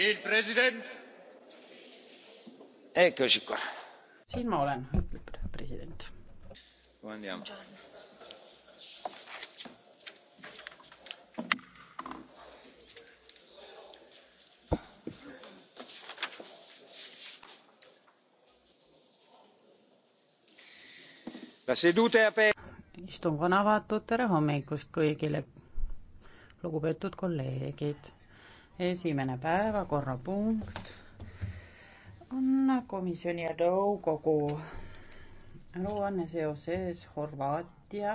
Il president. Eccoci qua. siin ma olen, ütleb president. Andiamo. La seduta è aperta. istung on avatud, tere hommikust kõigile, lugupeetud kolleegid esimene päevakorrapunkt on komisjoni ja nõukogu aruanne seoses Horvaatia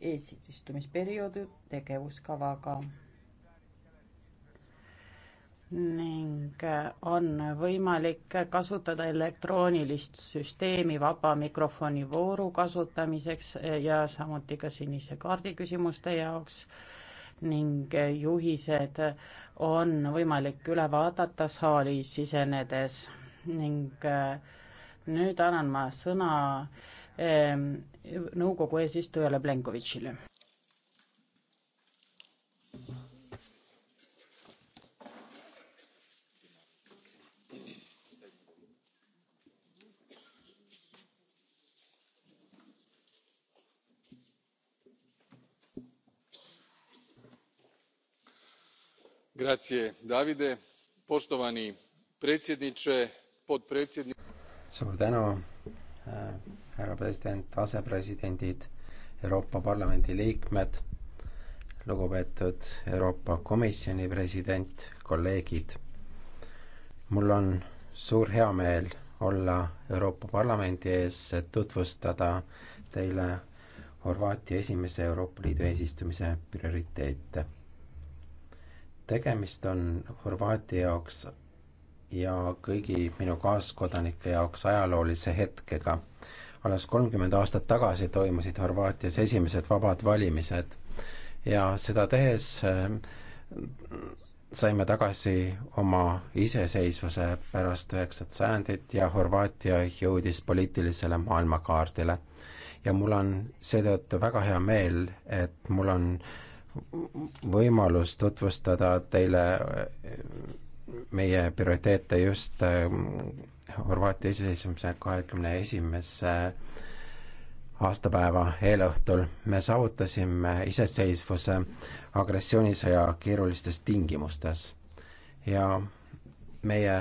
eesistumisperioodi tegevuskavaga ning on võimalik kasutada elektroonilist süsteemi vaba mikrofoni vooru kasutamiseks ja samuti ka sinise kaardi küsimuste jaoks ning juhised on võimalik üle vaadata saali sisenedes ning äh, nüüd annan ma sõna ähm, nõukogu eesistujale Plenkovitšile. grazie davide poštovani predsjedniče potpredsjedniče. suur tänu äh, härra president asepresidendid euroopa parlamendi liikmed lugupeetud euroopa komisjoni president kolleegid mul on suur heameel olla euroopa parlamendi ees et tutvustada teile horvaatia esimese euroopa liidu eesistumise prioriteete tegemist on Horvaatia jaoks ja kõigi minu kaaskodanike jaoks ajaloolise hetkega. alles kolmkümmend aastat tagasi toimusid Horvaatias esimesed vabad valimised ja seda tehes äh, saime tagasi oma iseseisvuse pärast üheksat sajandit ja Horvaatia jõudis poliitilisele maailmakaardile. ja mul on seetõttu väga hea meel, et mul on äh, võimalus tutvustada teile meie prioriteete just ähm, Horvaatia iseseisvumise kahekümne esimese aastapäeva eelõhtul. me saavutasime iseseisvuse agressioonisõja keerulistes tingimustes ja meie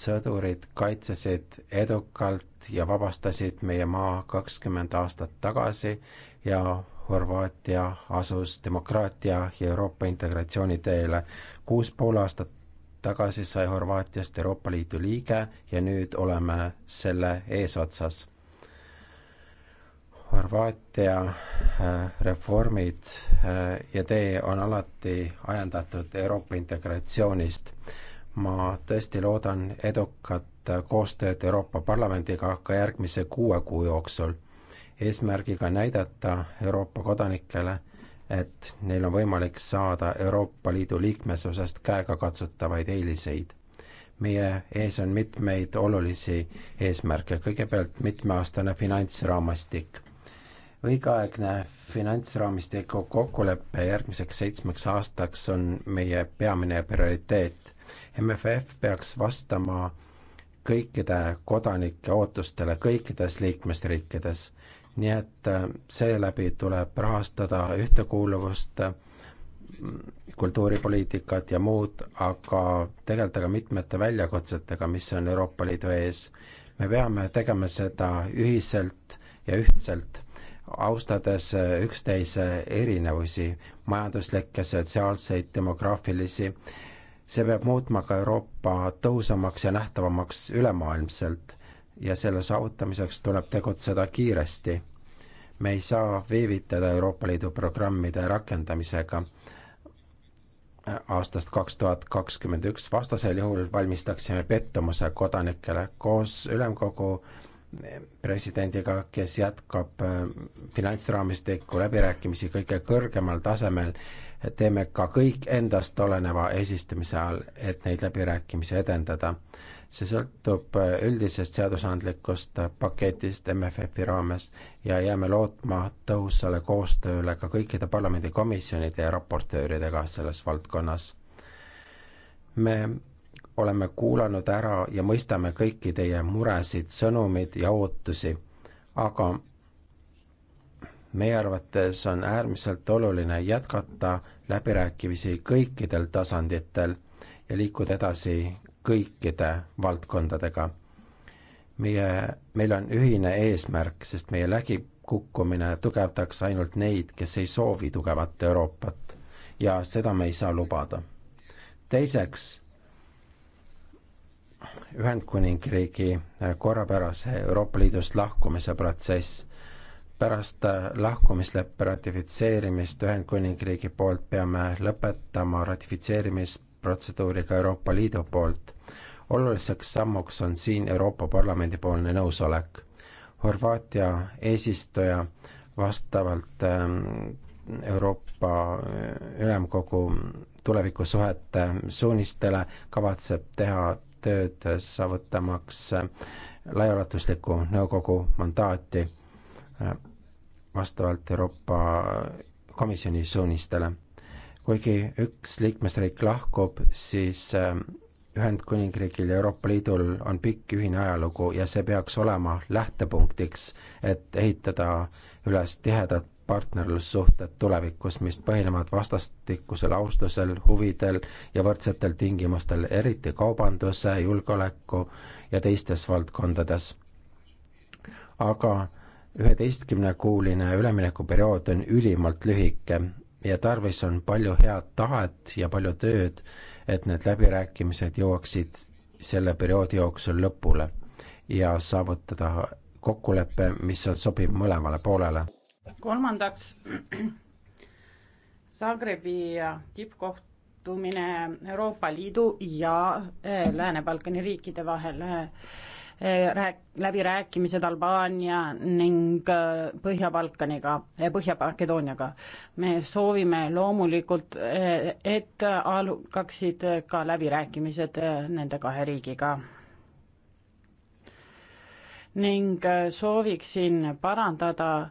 sõdurid kaitsesid edukalt ja vabastasid meie maa kakskümmend aastat tagasi ja Horvaatia asus demokraatia ja Euroopa integratsiooni teele. kuus pool aastat tagasi sai Horvaatiast Euroopa Liidu liige ja nüüd oleme selle eesotsas. Horvaatia äh, reformid äh, ja tee on alati ajendatud Euroopa integratsioonist. ma tõesti loodan edukat äh, koostööd Euroopa Parlamendiga ka järgmise kuue kuu jooksul eesmärgiga näidata Euroopa kodanikele, et neil on võimalik saada Euroopa Liidu liikmesusest käegakatsutavaid eeliseid. meie ees on mitmeid olulisi eesmärke, kõigepealt mitmeaastane finantsraamistik. õigeaegne finantsraamistiku kokkulepe järgmiseks seitsmeks aastaks on meie peamine prioriteet. MFF peaks vastama kõikide kodanike ootustele kõikides liikmesriikides nii et äh, seeläbi tuleb rahastada ühtekuuluvust, äh, kultuuripoliitikat ja muud, aga tegeleda ka mitmete väljakutsetega, mis on Euroopa Liidu ees. me peame tegema seda ühiselt ja ühtselt, austades äh, üksteise erinevusi, majanduslikke, sotsiaalseid, demograafilisi, see peab muutma ka Euroopa tõhusamaks ja nähtavamaks ülemaailmselt ja selle saavutamiseks tuleb tegutseda kiiresti. me ei saa viivitada Euroopa Liidu programmide rakendamisega aastast kaks tuhat kakskümmend üks, vastasel juhul valmistaksime pettumuse kodanikele koos ülemkogu presidendiga, kes jätkab äh, finantsraamistiku läbirääkimisi kõige kõrgemal tasemel, teeme ka kõik endast oleneva eesistumise all, et neid läbirääkimisi edendada see sõltub äh, üldisest seadusandlikust äh, paketist MFF-i raames ja jääme lootma tõhusale koostööle ka kõikide parlamendikomisjonide ja raportööridega selles valdkonnas. me oleme kuulanud ära ja mõistame kõiki teie muresid, sõnumid ja ootusi, aga meie arvates on äärmiselt oluline jätkata läbirääkimisi kõikidel tasanditel ja liikuda edasi kõikide valdkondadega. meie, meil on ühine eesmärk, sest meie läbikukkumine tugevdaks ainult neid, kes ei soovi tugevat Euroopat ja seda me ei saa lubada. teiseks, Ühendkuningriigi korrapärase Euroopa Liidust lahkumise protsess pärast äh, lahkumisleppe ratifitseerimist Ühendkuningriigi poolt peame lõpetama ratifitseerimisprotseduuri ka Euroopa Liidu poolt. oluliseks sammuks on siin Euroopa Parlamendi poolne nõusolek. Horvaatia eesistuja vastavalt ähm, Euroopa äh, Ülemkogu tulevikusuhete suunistele kavatseb teha tööd äh, saavutamaks laiaulatuslikku nõukogu mandaati vastavalt Euroopa Komisjoni suunistele. kuigi üks liikmesriik lahkub, siis äh, Ühendkuningriigil ja Euroopa Liidul on pikk ühine ajalugu ja see peaks olema lähtepunktiks, et ehitada üles tihedad partnerlussuhted tulevikus, mis põhinevad vastastikusel austusel, huvidel ja võrdsetel tingimustel, eriti kaubanduse, julgeoleku ja teistes valdkondades. aga üheteistkümnekuuline üleminekuperiood on ülimalt lühike ja tarvis on palju head tahet ja palju tööd, et need läbirääkimised jõuaksid selle perioodi jooksul lõpule ja saavutada kokkulepe, mis on sobiv mõlemale poolele. kolmandaks, Zagrebi tippkohtumine Euroopa Liidu ja äh, Lääne-Balkani riikide vahel äh, Eh, rääk-, läbirääkimised Albaania ning eh, Põhja-Balkaniga, eh, Põhja-Makedooniaga. me soovime loomulikult, et algaksid ka läbirääkimised nende kahe riigiga ning sooviksin parandada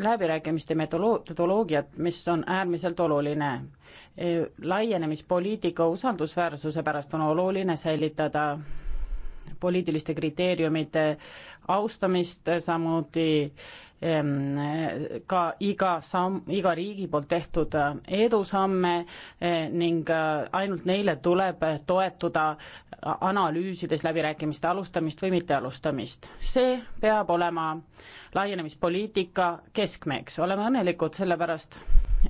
läbirääkimiste metodoloogiat, mis on äärmiselt oluline. laienemispoliitika usaldusväärsuse pärast on oluline säilitada poliitiliste kriteeriumite austamist, samuti ehm, ka iga samm, iga riigi poolt tehtud eh, edusamme eh, ning eh, ainult neile tuleb toetuda, analüüsides läbirääkimiste alustamist või mittealustamist. see peab olema laienemispoliitika keskmeks, oleme õnnelikud selle pärast,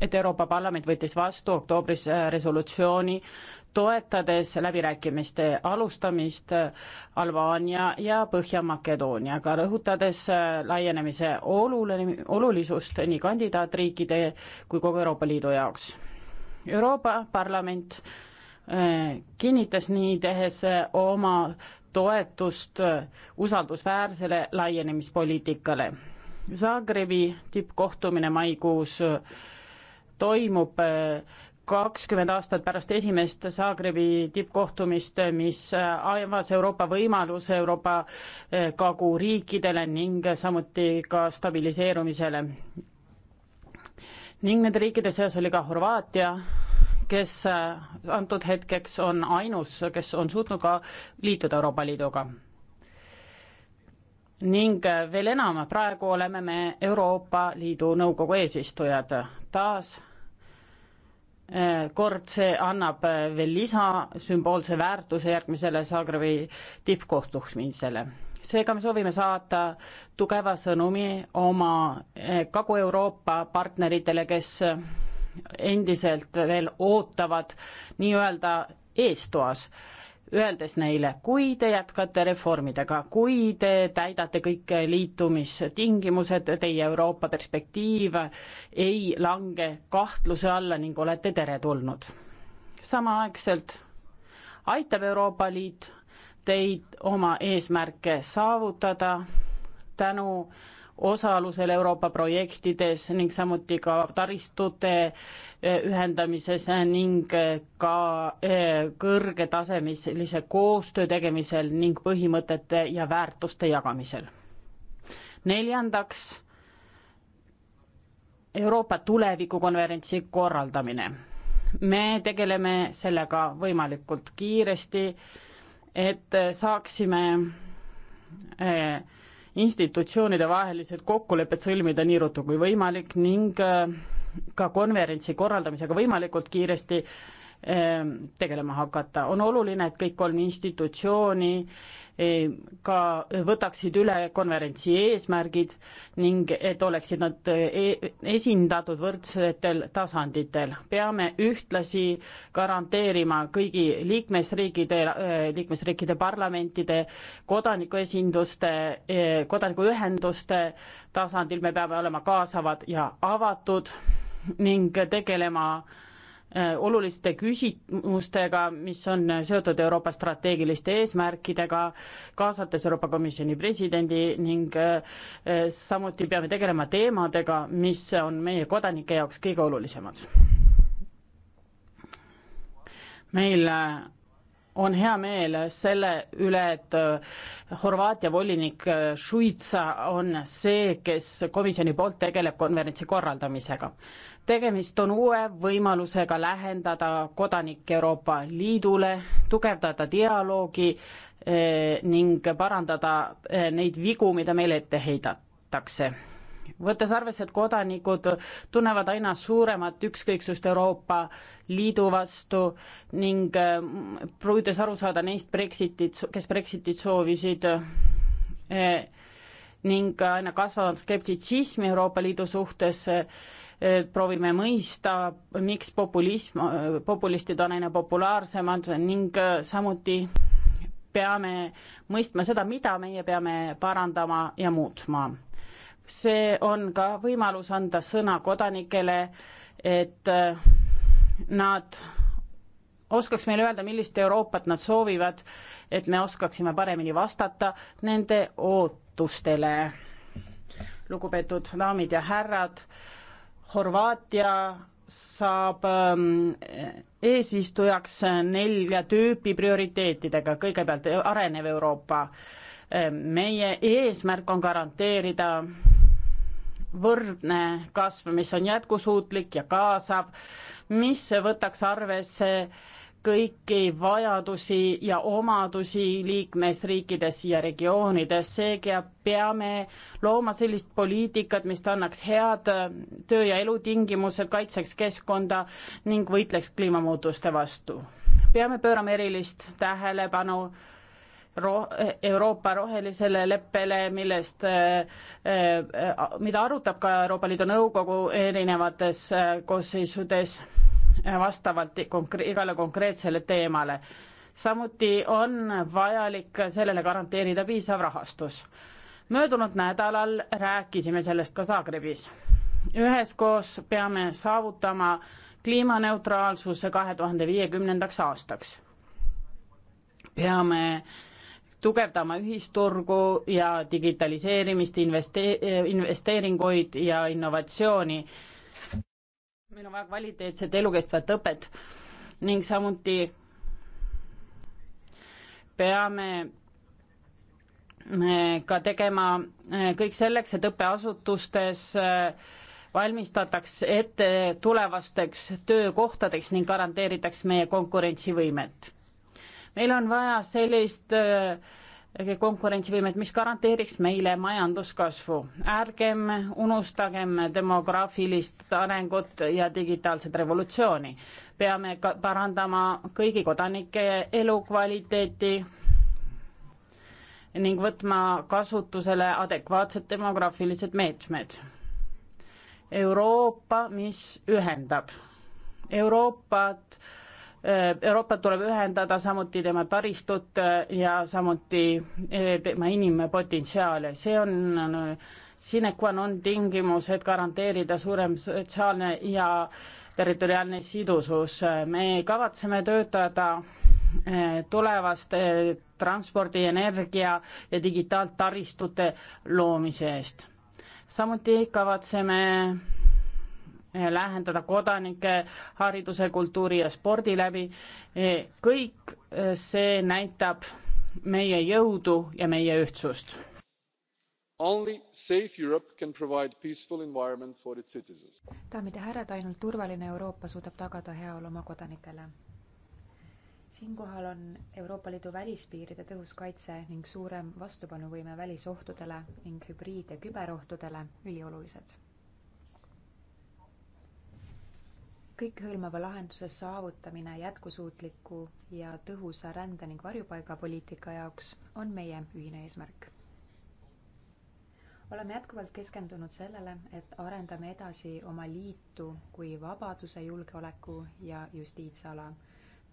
et Euroopa Parlament võttis vastu oktoobris resolutsiooni toetades läbirääkimiste alustamist Albaania ja Põhja-Makedooniaga, rõhutades laienemise oluline, olulisust nii kandidaatriikide kui kogu Euroopa Liidu jaoks. Euroopa Parlament eh, kinnitas nii tehes eh, oma toetust eh, usaldusväärsele laienemispoliitikale. Zagrebi tippkohtumine maikuus toimub kakskümmend aastat pärast esimest Zagrebi tippkohtumist, mis avas Euroopa võimaluse Euroopa eh, kagu riikidele ning samuti ka stabiliseerumisele. ning nende riikide seas oli ka Horvaatia, kes eh, antud hetkeks on ainus, kes on suutnud ka liituda Euroopa Liiduga. ning eh, veel enam, praegu oleme me Euroopa Liidu Nõukogu eesistujad taas Äh, kord see annab äh, veel lisa sümboolse väärtuse järgmisele Zagrebi tippkohtumisele. seega me soovime saata tugeva sõnumi oma äh, Kagu-Euroopa partneritele, kes endiselt veel ootavad nii-öelda eestoas öeldes neile, kui te jätkate reformidega, kui te täidate kõik liitumistingimused, teie Euroopa perspektiiv ei lange kahtluse alla ning olete teretulnud. samaaegselt aitab Euroopa Liit teid oma eesmärke saavutada tänu äh, osalusel Euroopa projektides ning samuti ka taristute eh, ühendamises ning eh, ka eh, kõrgetasemelise koostöö tegemisel ning põhimõtete ja väärtuste jagamisel. neljandaks, Euroopa tulevikukonverentsi korraldamine. me tegeleme sellega võimalikult kiiresti, et saaksime eh, institutsioonide vahelised kokkulepped sõlmida nii ruttu kui võimalik ning äh, ka konverentsi korraldamisega võimalikult kiiresti äh, tegelema hakata. on oluline, et kõik kolm institutsiooni ka võtaksid üle konverentsi eesmärgid ning et oleksid nad e-, esindatud võrdsetel tasanditel. peame ühtlasi garanteerima kõigi liikmesriikide, liikmesriikide parlamentide, kodanikuesinduste, e-, kodanikuühenduste tasandil, me peame olema kaasavad ja avatud ning tegelema Äh, oluliste küsimustega, mis on seotud Euroopa strateegiliste eesmärkidega, kaasates Euroopa Komisjoni presidendi ning äh, äh, samuti peame tegelema teemadega, mis on meie kodanike jaoks kõige olulisemad. meil on hea meel selle üle, et äh, Horvaatia volinik äh, Šuitsa on see, kes komisjoni poolt tegeleb konverentsi korraldamisega. tegemist on uue võimalusega lähendada kodanikke Euroopa Liidule, tugevdada dialoogi äh, ning parandada neid vigu, mida meile ette heidetakse võttes arvesse, et kodanikud tunnevad aina suuremat ükskõiksust Euroopa Liidu vastu ning mm, püüdes aru saada neist Brexitit, kes Brexitit soovisid eh,, ning aina kasvavat skeptitsismi Euroopa Liidu suhtes eh,, proovime mõista, miks populism, populistid on aina populaarsemad ning eh, samuti peame mõistma seda, mida meie peame parandama ja muutma see on ka võimalus anda sõna kodanikele, et äh, nad oskaks meile öelda, millist Euroopat nad soovivad, et me oskaksime paremini vastata nende ootustele. lugupeetud daamid ja härrad, Horvaatia saab ähm, eesistujaks nelja tüüpi prioriteetidega, kõigepealt arenev Euroopa. Äh, meie eesmärk on garanteerida võrdne kasv, mis on jätkusuutlik ja kaasav, mis võtaks arvesse kõiki vajadusi ja omadusi liikmesriikides ja regioonides, seega peame looma sellist poliitikat, mis annaks head töö- ja elutingimused, kaitseks keskkonda ning võitleks kliimamuutuste vastu. peame pöörama erilist tähelepanu roh-, Euroopa rohelisele leppele, millest, äh, äh, mida arutab ka Euroopa Liidu Nõukogu erinevates äh, koosseisudes vastavalt konkre-, igale konkreetsele teemale. samuti on vajalik sellele garanteerida piisav rahastus. möödunud nädalal rääkisime sellest ka Zagrebis. üheskoos peame saavutama kliimaneutraalsuse kahe tuhande viiekümnendaks aastaks. peame tugevdama ühisturgu ja digitaliseerimist, investe-, investeeringuid ja innovatsiooni. meil on vaja kvaliteetset elukestvat õpet ning samuti peame ka tegema eh, kõik selleks, et õppeasutustes eh, valmistataks ette tulevasteks töökohtadeks ning garanteeritaks meie konkurentsivõimet meil on vaja sellist äh, konkurentsivõimet, mis garanteeriks meile majanduskasvu. ärgem unustagem demograafilist arengut ja digitaalset revolutsiooni. peame ka parandama kõigi kodanike elukvaliteeti ning võtma kasutusele adekvaatsed demograafilised meetmed. Euroopa, mis ühendab Euroopat Äh, Euroopat tuleb ühendada, samuti tema taristut äh, ja samuti äh, tema inimpotentsiaali, see on sine qua non tingimus, et garanteerida suurem sotsiaalne ja territoriaalne sidusus. me kavatseme töötada tulevast transpordi, energia ja digitaaltaristute loomise eest. samuti kavatseme lähendada kodanike hariduse, kultuuri ja spordi läbi. kõik see näitab meie jõudu ja meie ühtsust. daamid ja härrad, ainult turvaline Euroopa suudab tagada heaolu oma kodanikele siinkohal on Euroopa Liidu välispiiride tõhus kaitse ning suurem vastupanuvõime välisohtudele ning hübriid- ja küberohtudele üliolulised kõikehõlmava lahenduse saavutamine jätkusuutliku ja tõhusa rände ning varjupaigapoliitika jaoks on meie ühine eesmärk. oleme jätkuvalt keskendunud sellele, et arendame edasi oma liitu kui vabaduse, julgeoleku ja justiitsala,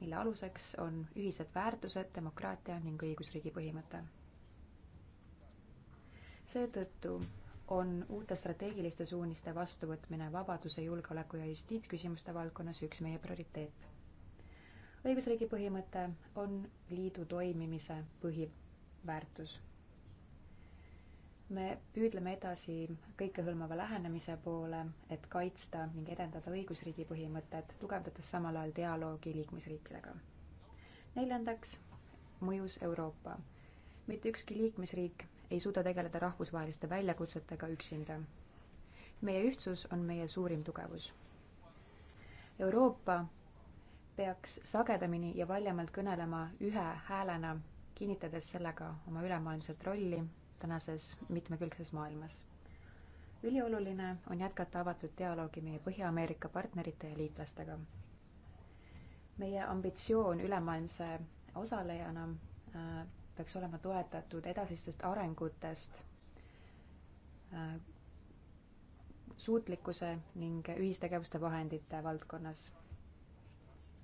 mille aluseks on ühised väärtused, demokraatia ning õigusriigi põhimõte. seetõttu on uute strateegiliste suuniste vastuvõtmine vabaduse, julgeoleku ja justiitsküsimuste valdkonnas üks meie prioriteet. õigusriigi põhimõte on liidu toimimise põhiväärtus. me püüdleme edasi kõikehõlmava lähenemise poole, et kaitsta ning edendada õigusriigi põhimõtet, tugevdades samal ajal dialoogi liikmesriikidega. neljandaks, mõjus Euroopa. mitte ükski liikmesriik ei suuda tegeleda rahvusvaheliste väljakutsetega üksinda. meie ühtsus on meie suurim tugevus. Euroopa peaks sagedamini ja valjemalt kõnelema ühe häälena, kinnitades sellega oma ülemaailmset rolli tänases mitmekülgses maailmas. ülioluline on jätkata avatud dialoogi meie Põhja-Ameerika partnerite ja liitlastega. meie ambitsioon ülemaailmse osalejana äh, peaks olema toetatud edasistest arengutest äh, suutlikkuse ning ühistegevuste vahendite valdkonnas.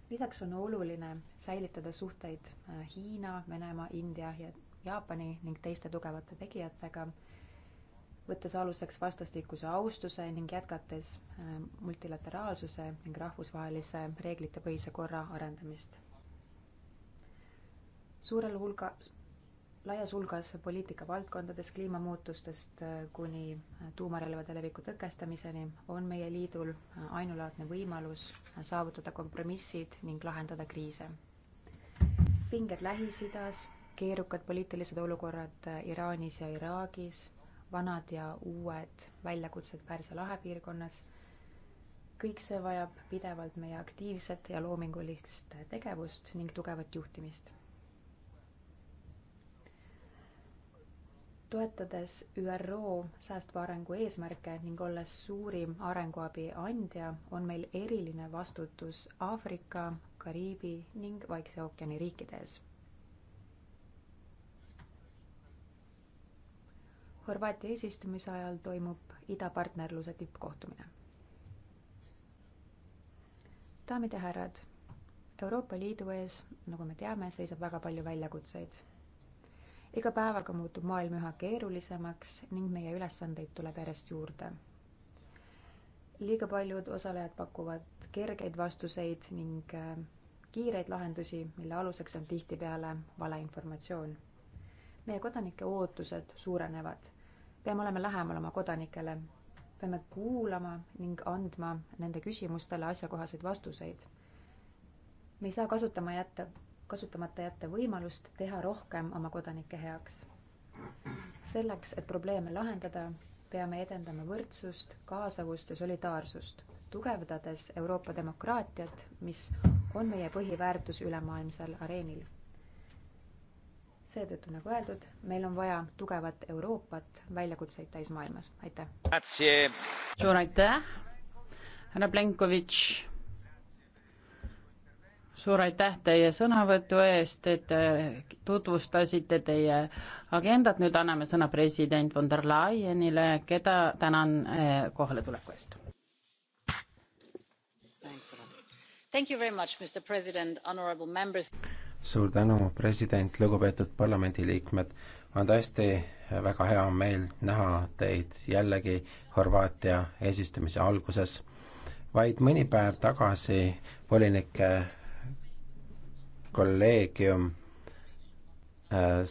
lisaks on oluline säilitada suhteid äh, Hiina, Venemaa, India ja Jaapani ning teiste tugevate tegijatega, võttes aluseks vastastikuse austuse ning jätkates äh, multilateraalsuse ning rahvusvahelise reeglitepõhise korra arendamist. suurel hulga, laias hulgas poliitikavaldkondades kliimamuutustest äh, kuni äh, tuumarelvade leviku tõkestamiseni on meie liidul äh, ainulaadne võimalus saavutada kompromissid ning lahendada kriise. pinged Lähis-Idas, keerukad poliitilised olukorrad Iraanis ja Iraagis, vanad ja uued väljakutsed Pärsia lahe piirkonnas, kõik see vajab pidevalt meie aktiivset ja loomingulist tegevust ning tugevat juhtimist toetades ÜRO säästva arengu eesmärke ning olles suurim arenguabi andja, on meil eriline vastutus Aafrika, Kariibi ning Vaikse ookeani riikide ees. Horvaatia eesistumise ajal toimub idapartnerluse tippkohtumine. daamid ja härrad, Euroopa Liidu ees, nagu me teame, seisab väga palju väljakutseid iga päevaga muutub maailm üha keerulisemaks ning meie ülesandeid tuleb järjest juurde. liiga paljud osalejad pakuvad kergeid vastuseid ning äh, kiireid lahendusi, mille aluseks on tihtipeale valeinformatsioon. meie kodanike ootused suurenevad. peame olema lähemal oma kodanikele, peame kuulama ning andma nende küsimustele asjakohaseid vastuseid me ei saa kasutama jätta kasutamata jätta võimalust teha rohkem oma kodanike heaks. selleks, et probleeme lahendada, peame edendama võrdsust, kaasavust ja solidaarsust, tugevdades Euroopa demokraatiat, mis on meie põhiväärtus ülemaailmsel areenil. seetõttu, nagu öeldud, meil on vaja tugevat Euroopat väljakutseid täis maailmas, aitäh! suur aitäh, härra Plenkovitš! suur aitäh teie sõnavõtu eest, et tutvustasite teie agendat, nüüd anname sõna president von der Leyenile, keda tänan eh, kohaletuleku eest. suur tänu, president, lugupeetud parlamendiliikmed, on tõesti väga hea meel näha teid jällegi Horvaatia eesistumise alguses. vaid mõni päev tagasi volinike kolleegium äh,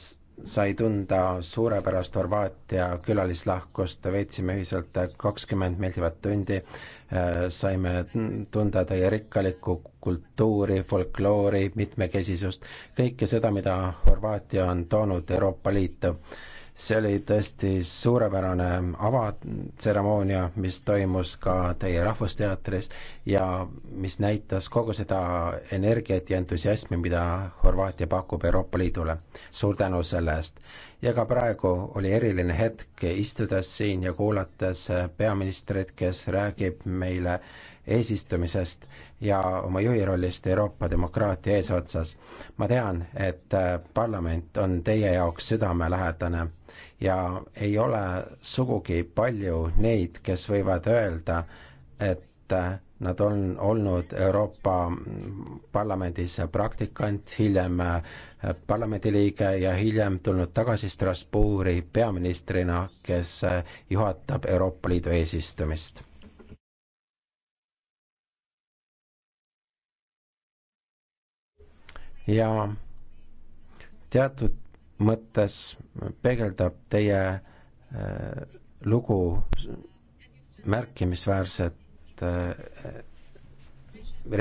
sai tunda suurepärast Horvaatia külalislahkust, veetsime ühiselt kakskümmend meeldivat tundi, äh, saime tunda teie rikkalikku kultuuri, folkloori, mitmekesisust, kõike seda, mida Horvaatia on toonud Euroopa Liitu see oli tõesti suurepärane avatseremoonia, mis toimus ka teie Rahvusteatris ja mis näitas kogu seda energiat ja entusiasmi, mida Horvaatia pakub Euroopa Liidule. suur tänu selle eest! ja ka praegu oli eriline hetk, istudes siin ja kuulates peaministrit, kes räägib meile eesistumisest ja oma juhi rollist Euroopa demokraatia eesotsas. ma tean, et äh, parlament on teie jaoks südamelähedane ja ei ole sugugi palju neid, kes võivad öelda, et äh, nad on olnud Euroopa mm, Parlamendis praktikant, hiljem äh, parlamendiliige ja hiljem tulnud tagasi Strasbourgi peaministrina, kes juhatab Euroopa Liidu eesistumist. ja teatud mõttes peegeldab teie äh, lugu märkimisväärset äh,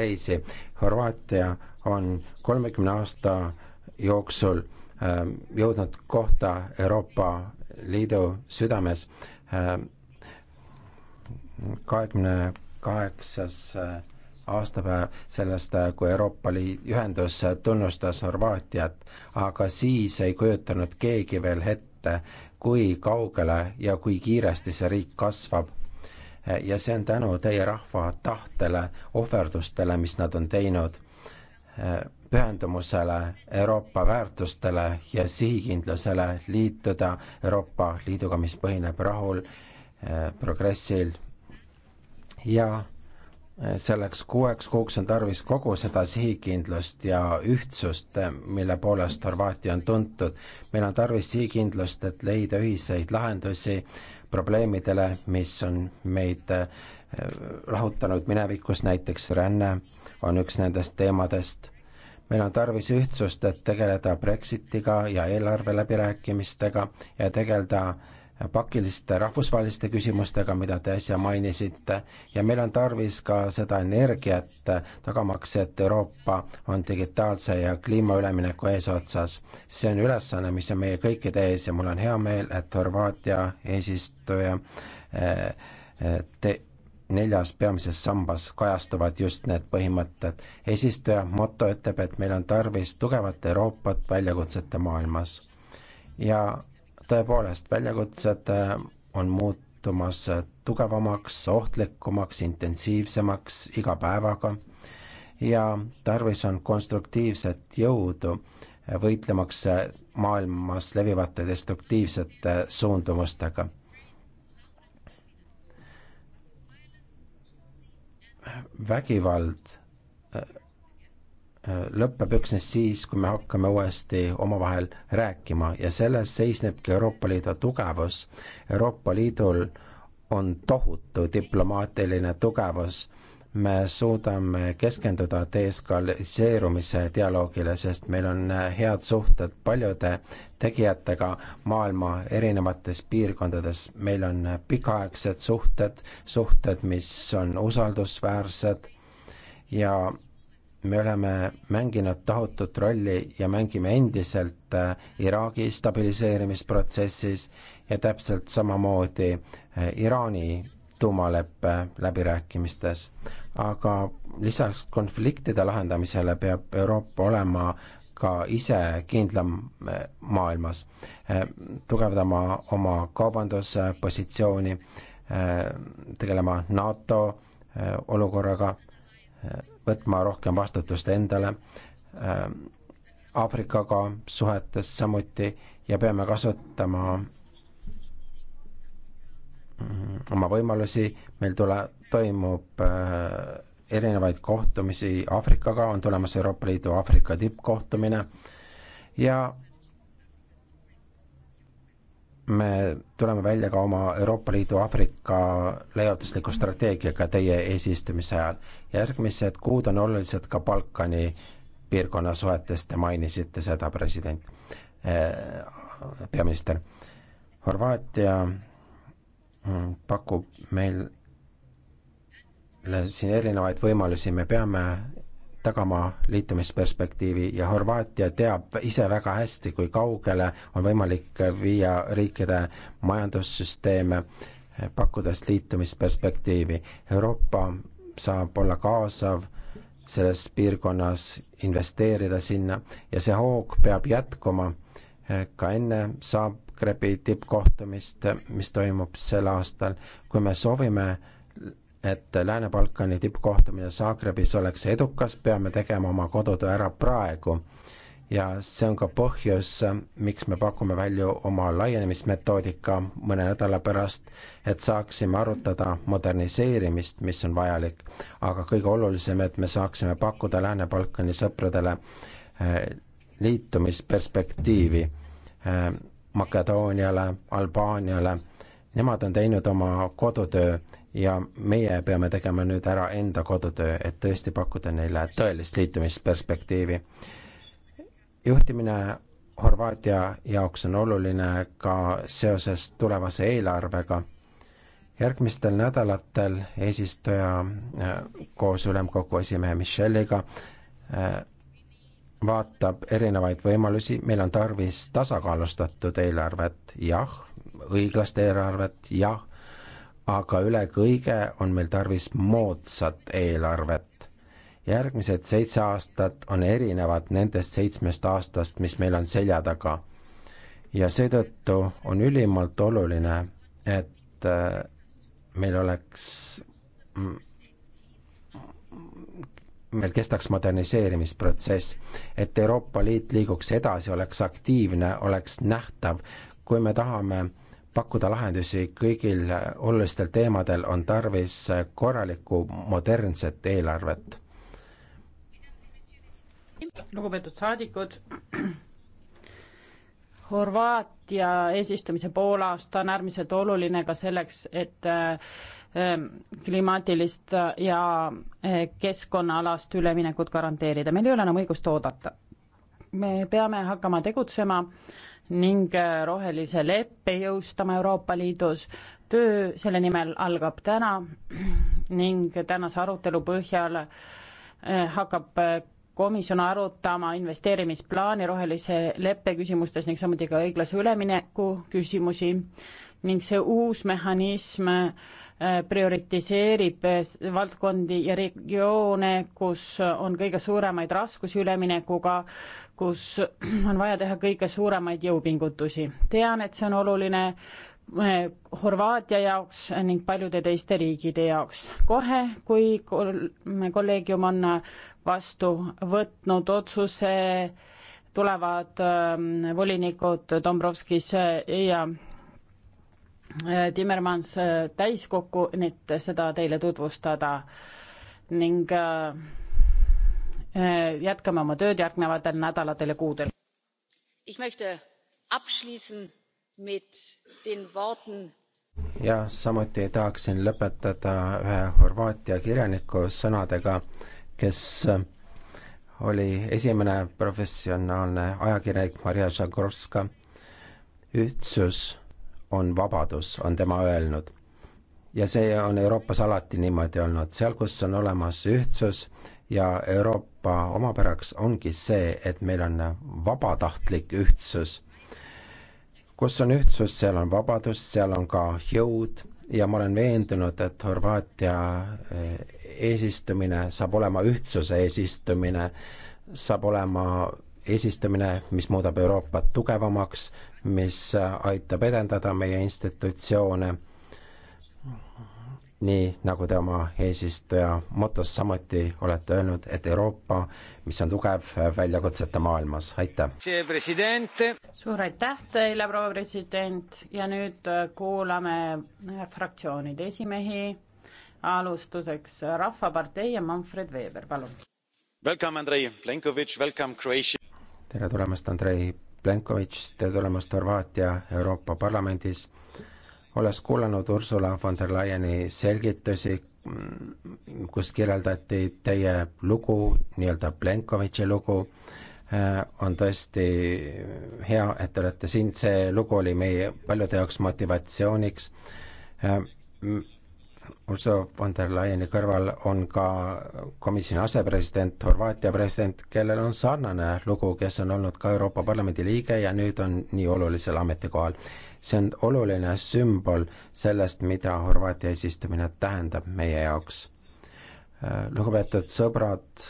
reisi. Horvaatia on kolmekümne aasta jooksul äh, jõudnud kohta Euroopa Liidu südames. kahekümne kaheksas aastapäev sellest, kui Euroopa Liit, ühendus tunnustas Horvaatiat, aga siis ei kujutanud keegi veel ette, kui kaugele ja kui kiiresti see riik kasvab. ja see on tänu teie rahva tahtele, ohverdustele, mis nad on teinud, pühendumusele Euroopa väärtustele ja sihikindlusele liituda Euroopa Liiduga, mis põhineb rahul, eh, progressil ja selleks kuueks kuuks on tarvis kogu seda sihikindlust ja ühtsust, mille poolest Horvaatia on tuntud. meil on tarvis sihikindlust, et leida ühiseid lahendusi probleemidele, mis on meid eh, lahutanud minevikus, näiteks ränne on üks nendest teemadest. meil on tarvis ühtsust, et tegeleda Brexitiga ja eelarve läbirääkimistega ja tegeleda pakiliste rahvusvaheliste küsimustega, mida te äsja mainisite, ja meil on tarvis ka seda energiat, tagamaks, et Euroopa on digitaalse ja kliimaülemineku eesotsas. see on ülesanne, mis on meie kõikide ees ja mul on hea meel, et Horvaatia eesistuja eh, eh, te-, neljas peamises sambas kajastuvad just need põhimõtted. eesistuja moto ütleb, et meil on tarvis tugevat Euroopat väljakutsete maailmas. ja tõepoolest, väljakutsed äh, on muutumas äh, tugevamaks, ohtlikumaks, intensiivsemaks iga päevaga ja tarvis on konstruktiivset jõudu äh, võitlemaks maailmas levivate destruktiivsete suundumustega. vägivald lõpeb üksnes siis, kui me hakkame uuesti omavahel rääkima ja selles seisnebki Euroopa Liidu tugevus. Euroopa Liidul on tohutu diplomaatiline tugevus, me suudame keskenduda deeskaliseerumise dialoogile, sest meil on head suhted paljude tegijatega maailma erinevates piirkondades, meil on pikaaegsed suhted, suhted, mis on usaldusväärsed ja me oleme mänginud tohutut rolli ja mängime endiselt äh, Iraagi stabiliseerimisprotsessis ja täpselt samamoodi äh, Iraani tuumaleppe äh, läbirääkimistes. aga lisaks konfliktide lahendamisele peab Euroopa olema ka ise kindlam maailmas, tugevdama oma kaubanduspositsiooni, tegelema NATO olukorraga võtma rohkem vastutust endale, äh, Aafrikaga suhetes samuti ja peame kasutama mm, oma võimalusi, meil tule, toimub äh, erinevaid kohtumisi Aafrikaga, on tulemas Euroopa Liidu Aafrika tippkohtumine ja me tuleme välja ka oma Euroopa Liidu Aafrika leiutusliku strateegiaga teie eesistumise ajal. järgmised kuud on olulised ka Balkani piirkonna suhetes, te mainisite seda, president, eh, peaminister. Horvaatia mm, pakub meile siin erinevaid võimalusi, me peame tagama liitumisperspektiivi ja Horvaatia teab ise väga hästi, kui kaugele on võimalik viia riikide majandussüsteeme, pakkudes liitumisperspektiivi. Euroopa saab olla kaasav selles piirkonnas, investeerida sinna ja see hoog peab jätkuma ka enne Zaagrebi tippkohtumist, mis toimub sel aastal, kui me soovime et Lääne-Balkani tippkohtumine Zagrebis oleks edukas, peame tegema oma kodutöö ära praegu. ja see on ka põhjus, miks me pakume välja oma laienemismetoodika mõne nädala pärast, et saaksime arutada moderniseerimist, mis on vajalik. aga kõige olulisem, et me saaksime pakkuda Lääne-Balkani sõpradele eh, liitumisperspektiivi eh, Makedooniale, Albaaniale, nemad on teinud oma kodutöö ja meie peame tegema nüüd ära enda kodutöö, et tõesti pakkuda neile tõelist liitumisperspektiivi. juhtimine Horvaatia jaoks on oluline ka seoses tulevase eelarvega. järgmistel nädalatel eesistuja äh, koos ülemkogu esimehe Micheliga äh, vaatab erinevaid võimalusi, meil on tarvis tasakaalustatud eelarvet, jah, õiglast eelarvet, jah, aga üle kõige on meil tarvis moodsat eelarvet. järgmised seitse aastat on erinevad nendest seitsmest aastast, mis meil on selja taga. ja seetõttu on ülimalt oluline, et äh, meil oleks, mm, meil kestaks moderniseerimisprotsess, et Euroopa Liit liiguks edasi, oleks aktiivne, oleks nähtav, kui me tahame äh, pakkuda lahendusi kõigil olulistel teemadel, on tarvis korralikku modernset eelarvet. lugupeetud saadikud, Horvaatia eesistumise poolaasta on äärmiselt oluline ka selleks, et ähm, klimaatilist ja äh, keskkonnaalast üleminekut garanteerida, meil ei ole enam õigust oodata. me peame hakkama tegutsema äh, ning äh, rohelise leppe jõustama Euroopa Liidus. töö selle nimel algab täna ning tänase arutelu põhjal äh, hakkab äh, komisjon arutama investeerimisplaani rohelise leppe küsimustes ning samuti ka õiglase ülemineku küsimusi ning see uus mehhanism Äh, prioritiseerib äh, valdkondi ja regioone, kus on kõige suuremaid raskusi üleminekuga, kus on vaja teha kõige suuremaid jõupingutusi. tean, et see on oluline äh, Horvaatia jaoks ning paljude teiste riikide jaoks. kohe, kui kolleegium on vastu võtnud otsuse, tulevad ähm, volinikud Dombrovskis ja Äh, Timmermans äh, täiskokku, nii et seda teile tutvustada ning äh, jätkame oma tööd järgnevatel nädalatel ja kuudel. ja samuti tahaksin lõpetada ühe Horvaatia kirjaniku sõnadega, kes oli esimene professionaalne ajakirjanik Maria Žagorska. ühtsus on vabadus, on tema öelnud. ja see on Euroopas alati niimoodi olnud, seal, kus on olemas ühtsus ja Euroopa omapäraks ongi see, et meil on vabatahtlik ühtsus. kus on ühtsus, seal on vabadus, seal on ka jõud ja ma olen veendunud, et Horvaatia eh, eesistumine saab olema ühtsuse eesistumine, saab olema eesistumine, mis muudab Euroopat tugevamaks, mis aitab edendada meie institutsioone, nii nagu te oma eesistuja motos samuti olete öelnud, et Euroopa, mis on tugev väljakutsete maailmas, aitäh! suur aitäh teile, proua president, ja nüüd äh, kuulame äh, fraktsioonide esimehi, alustuseks äh, Rahvapartei ja Manfred Weber, palun! tere tulemast, Andrei Plenkovitš, tere tulemast Horvaatia Euroopa Parlamendis. olles kuulanud Ursula von der Leyeni selgitusi, kus kirjeldati teie lugu, nii-öelda Plenkovitši lugu, äh, on tõesti hea, et te olete siin, see lugu oli meie paljude jaoks motivatsiooniks äh, Ursula von der Leyeni kõrval on ka komisjoni asepresident, Horvaatia president, kellel on sarnane lugu, kes on olnud ka Euroopa Parlamendi liige ja nüüd on nii olulisel ametikohal. see on oluline sümbol sellest, mida Horvaatia eesistumine tähendab meie jaoks. Äh, lugupeetud sõbrad,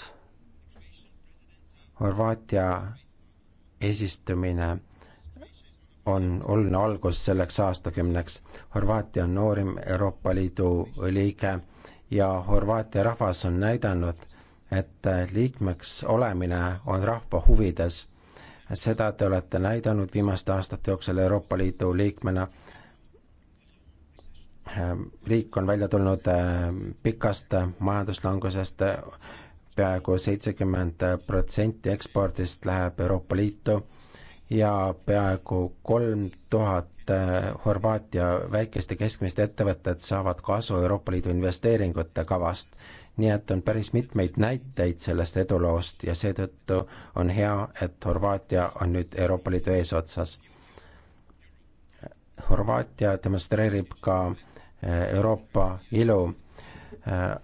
Horvaatia eesistumine on oluline algus selleks aastakümneks. Horvaatia on noorim Euroopa Liidu liige ja Horvaatia rahvas on näidanud, et liikmeks olemine on rahva huvides. seda te olete näidanud viimaste aastate jooksul Euroopa Liidu liikmena. riik on välja tulnud äh, pikast majanduslangusest, peaaegu seitsekümmend protsenti ekspordist läheb Euroopa Liitu ja peaaegu kolm tuhat äh, Horvaatia väikest ja keskmist ettevõtet saavad kasu Euroopa Liidu investeeringute kavast. nii et on päris mitmeid näiteid sellest eduloost ja seetõttu on hea, et Horvaatia on nüüd Euroopa Liidu eesotsas. Horvaatia demonstreerib ka äh, Euroopa ilu. Äh,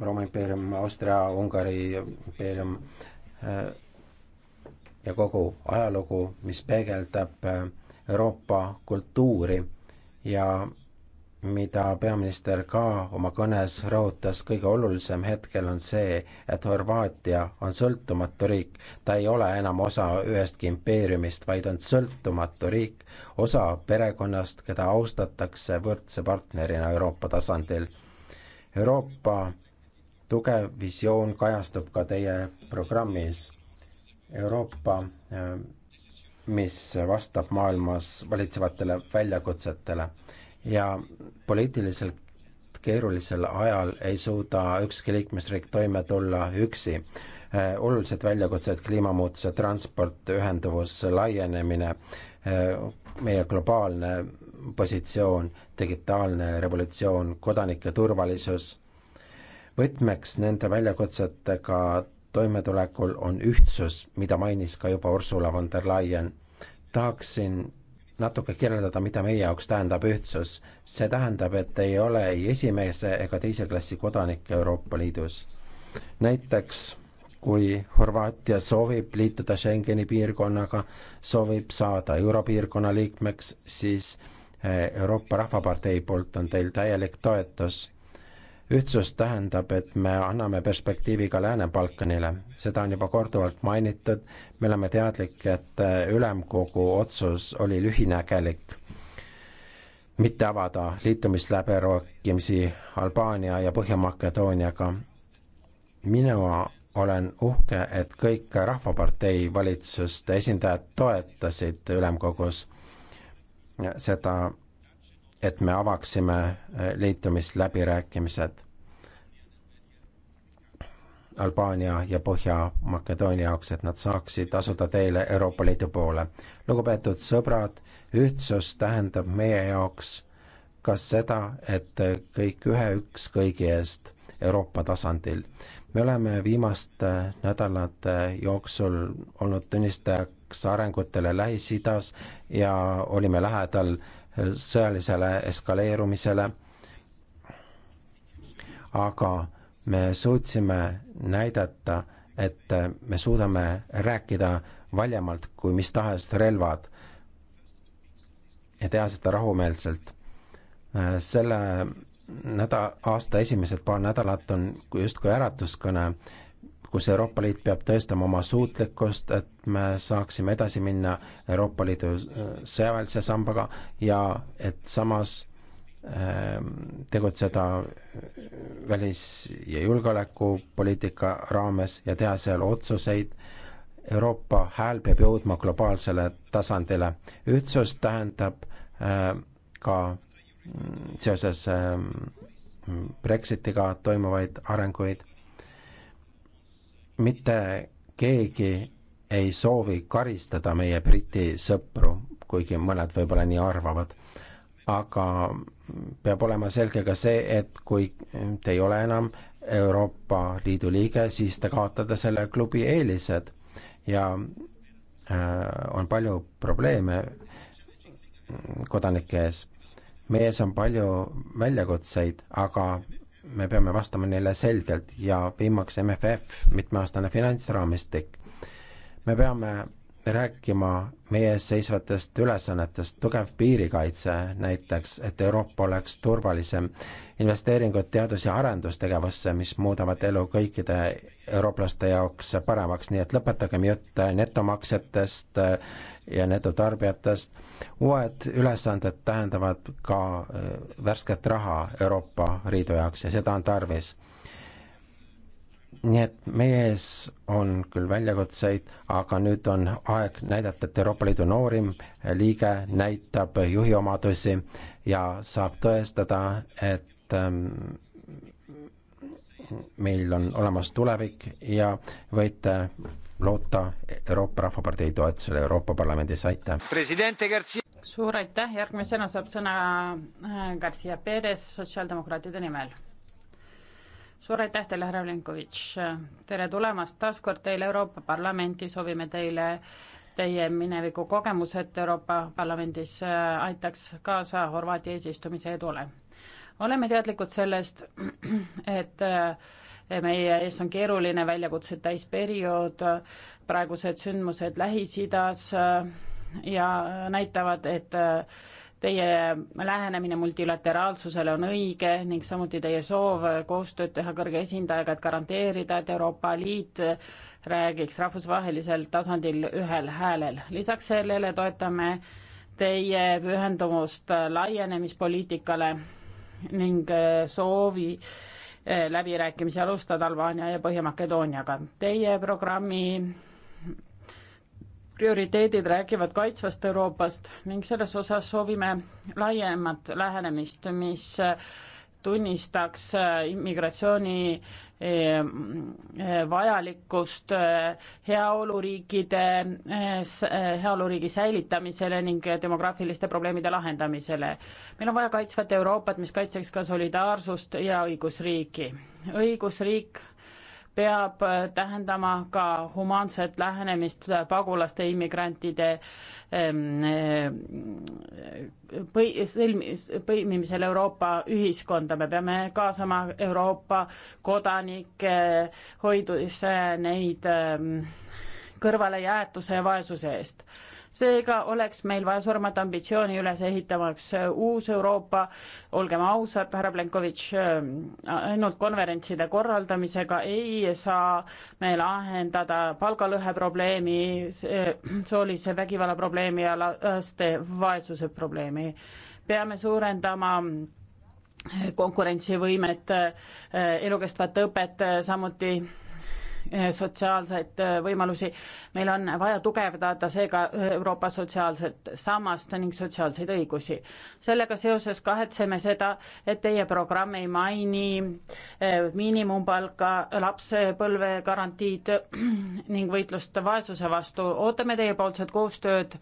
Rooma impeerium, Austria, Ungari impeerium ja kogu ajalugu, mis peegeldab äh, Euroopa kultuuri ja mida peaminister ka oma kõnes rõhutas, kõige olulisem hetkel on see, et Horvaatia on sõltumatu riik. ta ei ole enam osa ühestki impeeriumist, vaid on sõltumatu riik, osa perekonnast, keda austatakse võrdse partnerina Euroopa tasandil. Euroopa tugev visioon kajastub ka teie programmis Euroopa, äh, mis vastab maailmas valitsevatele väljakutsetele ja poliitiliselt keerulisel ajal ei suuda ükski liikmesriik toime tulla üksi. Äh, olulised väljakutsed, kliimamuutused, transport, ühenduvus, laienemine, äh, meie globaalne positsioon, digitaalne revolutsioon, kodanike turvalisus, võtmeks nende väljakutsetega toimetulekul on ühtsus, mida mainis ka juba Ursula von der Leyen. tahaksin natuke kirjeldada, mida meie jaoks tähendab ühtsus. see tähendab, et ei ole ei esimese ega teise klassi kodanikke Euroopa Liidus. näiteks kui Horvaatia soovib liituda Schengeni piirkonnaga, soovib saada europiirkonna liikmeks, siis eh, Euroopa Rahvapartei poolt on teil täielik toetus ühtsus tähendab, et me anname perspektiivi ka Lääne-Balkanile, seda on juba korduvalt mainitud, me oleme teadlik, et ülemkogu otsus oli lühinägelik, mitte avada liitumisläbirääkimisi Albaania ja Põhja-Makedooniaga. mina olen uhke, et kõik Rahvapartei valitsuste esindajad toetasid ülemkogus seda et me avaksime äh, liitumisläbirääkimised Albaania ja Põhja-Makedoonia jaoks, et nad saaksid asuda teile Euroopa Liidu poole. lugupeetud sõbrad, ühtsus tähendab meie jaoks ka seda, et kõik üheüks kõigi eest Euroopa tasandil. me oleme viimaste nädalate jooksul olnud tunnistajaks arengutele Lähis-Idas ja olime lähedal äh, sõjalisele eskaleerumisele, aga me suutsime näidata, et me suudame rääkida valjemalt kui mis tahes relvad ja teha seda rahumeelselt. selle näda-, aasta esimesed paar nädalat on justkui äratuskõne kus Euroopa Liit peab tõestama oma suutlikkust, et me saaksime edasi minna Euroopa Liidu äh, sõjaväelise sambaga ja et samas ähm, tegutseda äh, välis- ja julgeolekupoliitika raames ja teha seal otsuseid. Euroopa hääl peab jõudma globaalsele tasandile. ühtsus tähendab äh, ka mm, seoses ähm, Brexitiga toimuvaid arenguid mitte keegi ei soovi karistada meie Briti sõpru, kuigi mõned võib-olla nii arvavad. aga peab olema selge ka see, et kui te ei ole enam Euroopa Liidu liige, siis te kaotate selle klubi eelised ja äh, on palju probleeme kodanike ees. meie ees on palju väljakutseid, aga me peame vastama neile selgelt ja viimaks MFF, mitmeaastane finantsraamistik. me peame rääkima meie ees seisvatest ülesannetest, tugev piirikaitse näiteks, et Euroopa oleks turvalisem, investeeringud teadus- ja arendustegevusse, mis muudavad elu kõikide eurooplaste jaoks paremaks, nii et lõpetagem jutt netomaksjatest ja netotarbijatest. uued ülesanded tähendavad ka äh, värsket raha Euroopa Liidu jaoks ja seda on tarvis nii et meie ees on küll väljakutseid, aga nüüd on aeg näidata, et Euroopa Liidu noorim liige näitab juhi omadusi ja saab tõestada, et ähm, meil on olemas tulevik ja võite loota Euroopa Rahvapartei toetusele Euroopa Parlamendis, aitäh! suur aitäh, järgmisena saab sõna äh, Garcia Perez sotsiaaldemokraatide nimel suur aitäh teile, härra Lenkovitš, tere tulemast taas kord teile Euroopa Parlamenti, soovime teile teie mineviku kogemused Euroopa Parlamendis aitaks kaasa Horvaatia eesistumise edule. oleme teadlikud sellest, et meie ees on keeruline väljakutseid täis periood, praegused sündmused Lähis-Idas ja näitavad, et Teie lähenemine multilateraalsusele on õige ning samuti teie soov koostööd teha kõrge esindajaga, et garanteerida, et Euroopa Liit räägiks rahvusvahelisel tasandil ühel häälel. lisaks sellele toetame teie pühendumust laienemispoliitikale ning soovi eh, läbirääkimisi alustada Albaania ja Põhja-Makedooniaga. Teie programmi prioriteedid räägivad kaitsvast Euroopast ning selles osas soovime laiemat lähenemist, mis tunnistaks eh, immigratsiooni eh, eh, vajalikkust heaoluriikide, heaoluriigi säilitamisele ning demograafiliste probleemide lahendamisele. meil on vaja kaitsvat Euroopat, mis kaitseks ka solidaarsust ja õigusriiki. õigusriik peab äh, tähendama ka humaanset lähenemist pagulaste, immigrantide ähm, äh, põi-, sõlmis, põimimisel Euroopa ühiskonda, me peame kaasama Euroopa kodanikke, hoidudes neid ähm, kõrvalejäetuse ja vaesuse eest seega oleks meil vaja surmata ambitsiooni üles ehitamaks uus Euroopa, olgem ausad, härra Plenkovitš, ainult konverentside korraldamisega ei saa me lahendada palgalõhe probleemi, soolise vägivalla probleemi ja laste vaesuse probleemi. peame suurendama konkurentsivõimet, elukestvat õpet, samuti Eh, sotsiaalseid eh, võimalusi. meil on vaja tugevdada seega eh, Euroopa sotsiaalset sammast ning sotsiaalseid õigusi. sellega seoses kahetseme seda, et teie programm ei maini miinimumpalka, lapsepõlve garantiid ning võitlust vaesuse vastu. ootame teiepoolset koostööd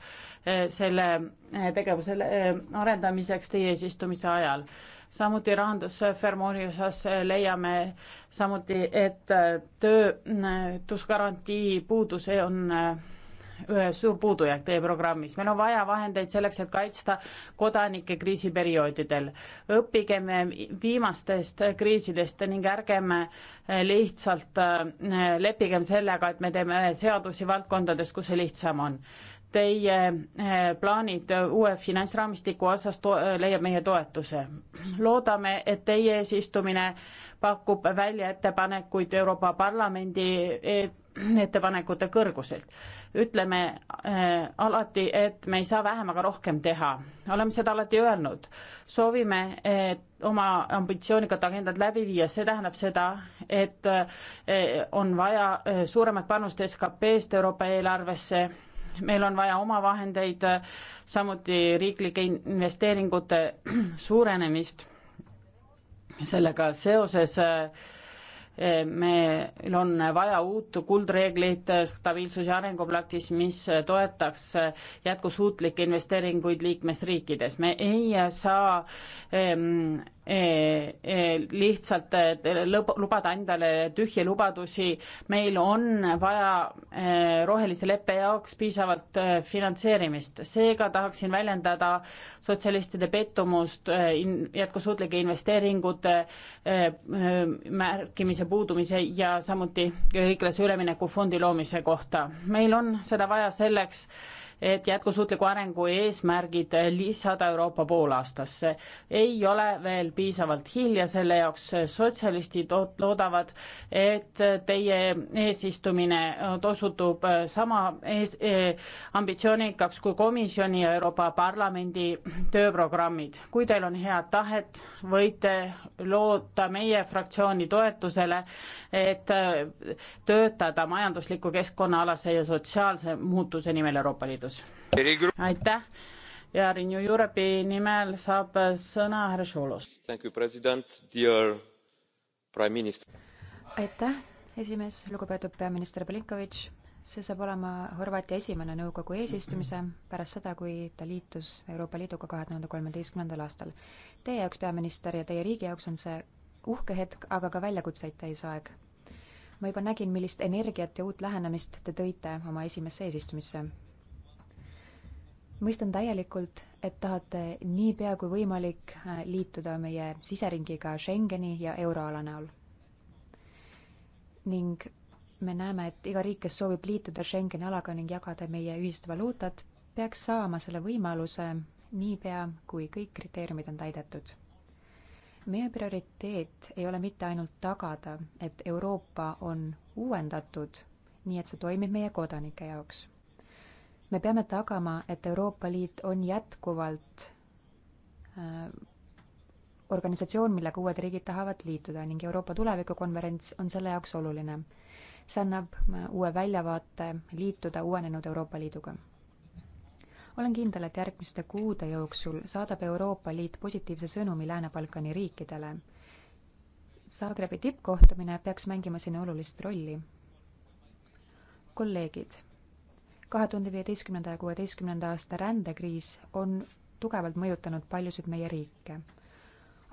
selle tegevuse arendamiseks teie eesistumise ajal samuti rahandusfermooni osas leiame samuti, et töötusgarantii puudus on äh, suur puudujääk teie programmis, meil on vaja vahendeid selleks, et kaitsta kodanikke kriisiperioodidel. õppigem viimastest kriisidest ning ärgem lihtsalt äh, leppigem sellega, et me teeme seadusi valdkondades, kus see lihtsam on teie eh, plaanid uue finantsraamistiku osas leiab meie toetuse. loodame, et teie eesistumine pakub välja ettepanekuid Euroopa Parlamendi eh, ettepanekute kõrguselt. ütleme äh, alati, et me ei saa vähem, aga rohkem teha. oleme seda alati öelnud. soovime oma ambitsioonikat agendat läbi viia, see tähendab seda, et äh, on vaja äh, suuremat panust SKP-st Euroopa eelarvesse meil on vaja omavahendeid, samuti riiklike investeeringute suurenemist. sellega seoses eh, meil on vaja uut kuldreeglit stabiilsus- ja arengupraktis, mis toetaks jätkusuutlikke investeeringuid liikmesriikides. me ei saa ähm, Eh, eh, lihtsalt lõb-, lubada endale tühje lubadusi, meil on vaja eh, rohelise leppe jaoks piisavalt finantseerimist, seega tahaksin väljendada sotsialistide pettumust in-, jätkusuutlike investeeringute märkimise puudumise ja samuti õiglase ülemineku fondi loomise kohta. meil on seda vaja selleks, et jätkusuutliku arengu eesmärgid lisada Euroopa poolaastasse. ei ole veel piisavalt hilja selle jaoks, sotsialistid loodavad, et teie eesistumine osutub sama ees, eh, ambitsioonikaks kui komisjoni ja Euroopa Parlamendi tööprogrammid. kui teil on head tahet, võite loota meie fraktsiooni toetusele, et töötada majandusliku keskkonnaalase ja sotsiaalse muutuse nimel Euroopa Liidus küsimus. aitäh ja Renew Europe'i nimel saab sõna härra Šolos. aitäh, esimees, lugupeetud peaminister Belinkovitš. see saab olema Horvaatia esimene nõukogu eesistumise pärast seda, kui ta liitus Euroopa Liiduga kahe tuhande kolmeteistkümnendal aastal. Teie jaoks, peaminister, ja teie riigi jaoks on see uhke hetk, aga ka väljakutseid täis aeg. ma juba nägin, millist energiat ja uut lähenemist te tõite oma esimesse eesistumisse mõistan täielikult, et tahate niipea kui võimalik äh, liituda meie siseringiga Schengeni ja euroala näol. ning me näeme, et iga riik, kes soovib liituda Schengeni alaga ning jagada meie ühist valuutat, peaks saama selle võimaluse niipea, kui kõik kriteeriumid on täidetud. meie prioriteet ei ole mitte ainult tagada, et Euroopa on uuendatud, nii et see toimib meie kodanike jaoks me peame tagama, et Euroopa Liit on jätkuvalt äh, organisatsioon, millega uued riigid tahavad liituda ning Euroopa tulevikukonverents on selle jaoks oluline. see annab äh, uue väljavaate liituda uuenenud Euroopa Liiduga. olen kindel, et järgmiste kuude jooksul saadab Euroopa Liit positiivse sõnumi Lääne-Balkani riikidele. Zagrebi tippkohtumine peaks mängima siin olulist rolli. kolleegid kahe tuhande viieteistkümnenda ja kuueteistkümnenda aasta rändekriis on tugevalt mõjutanud paljusid meie riike.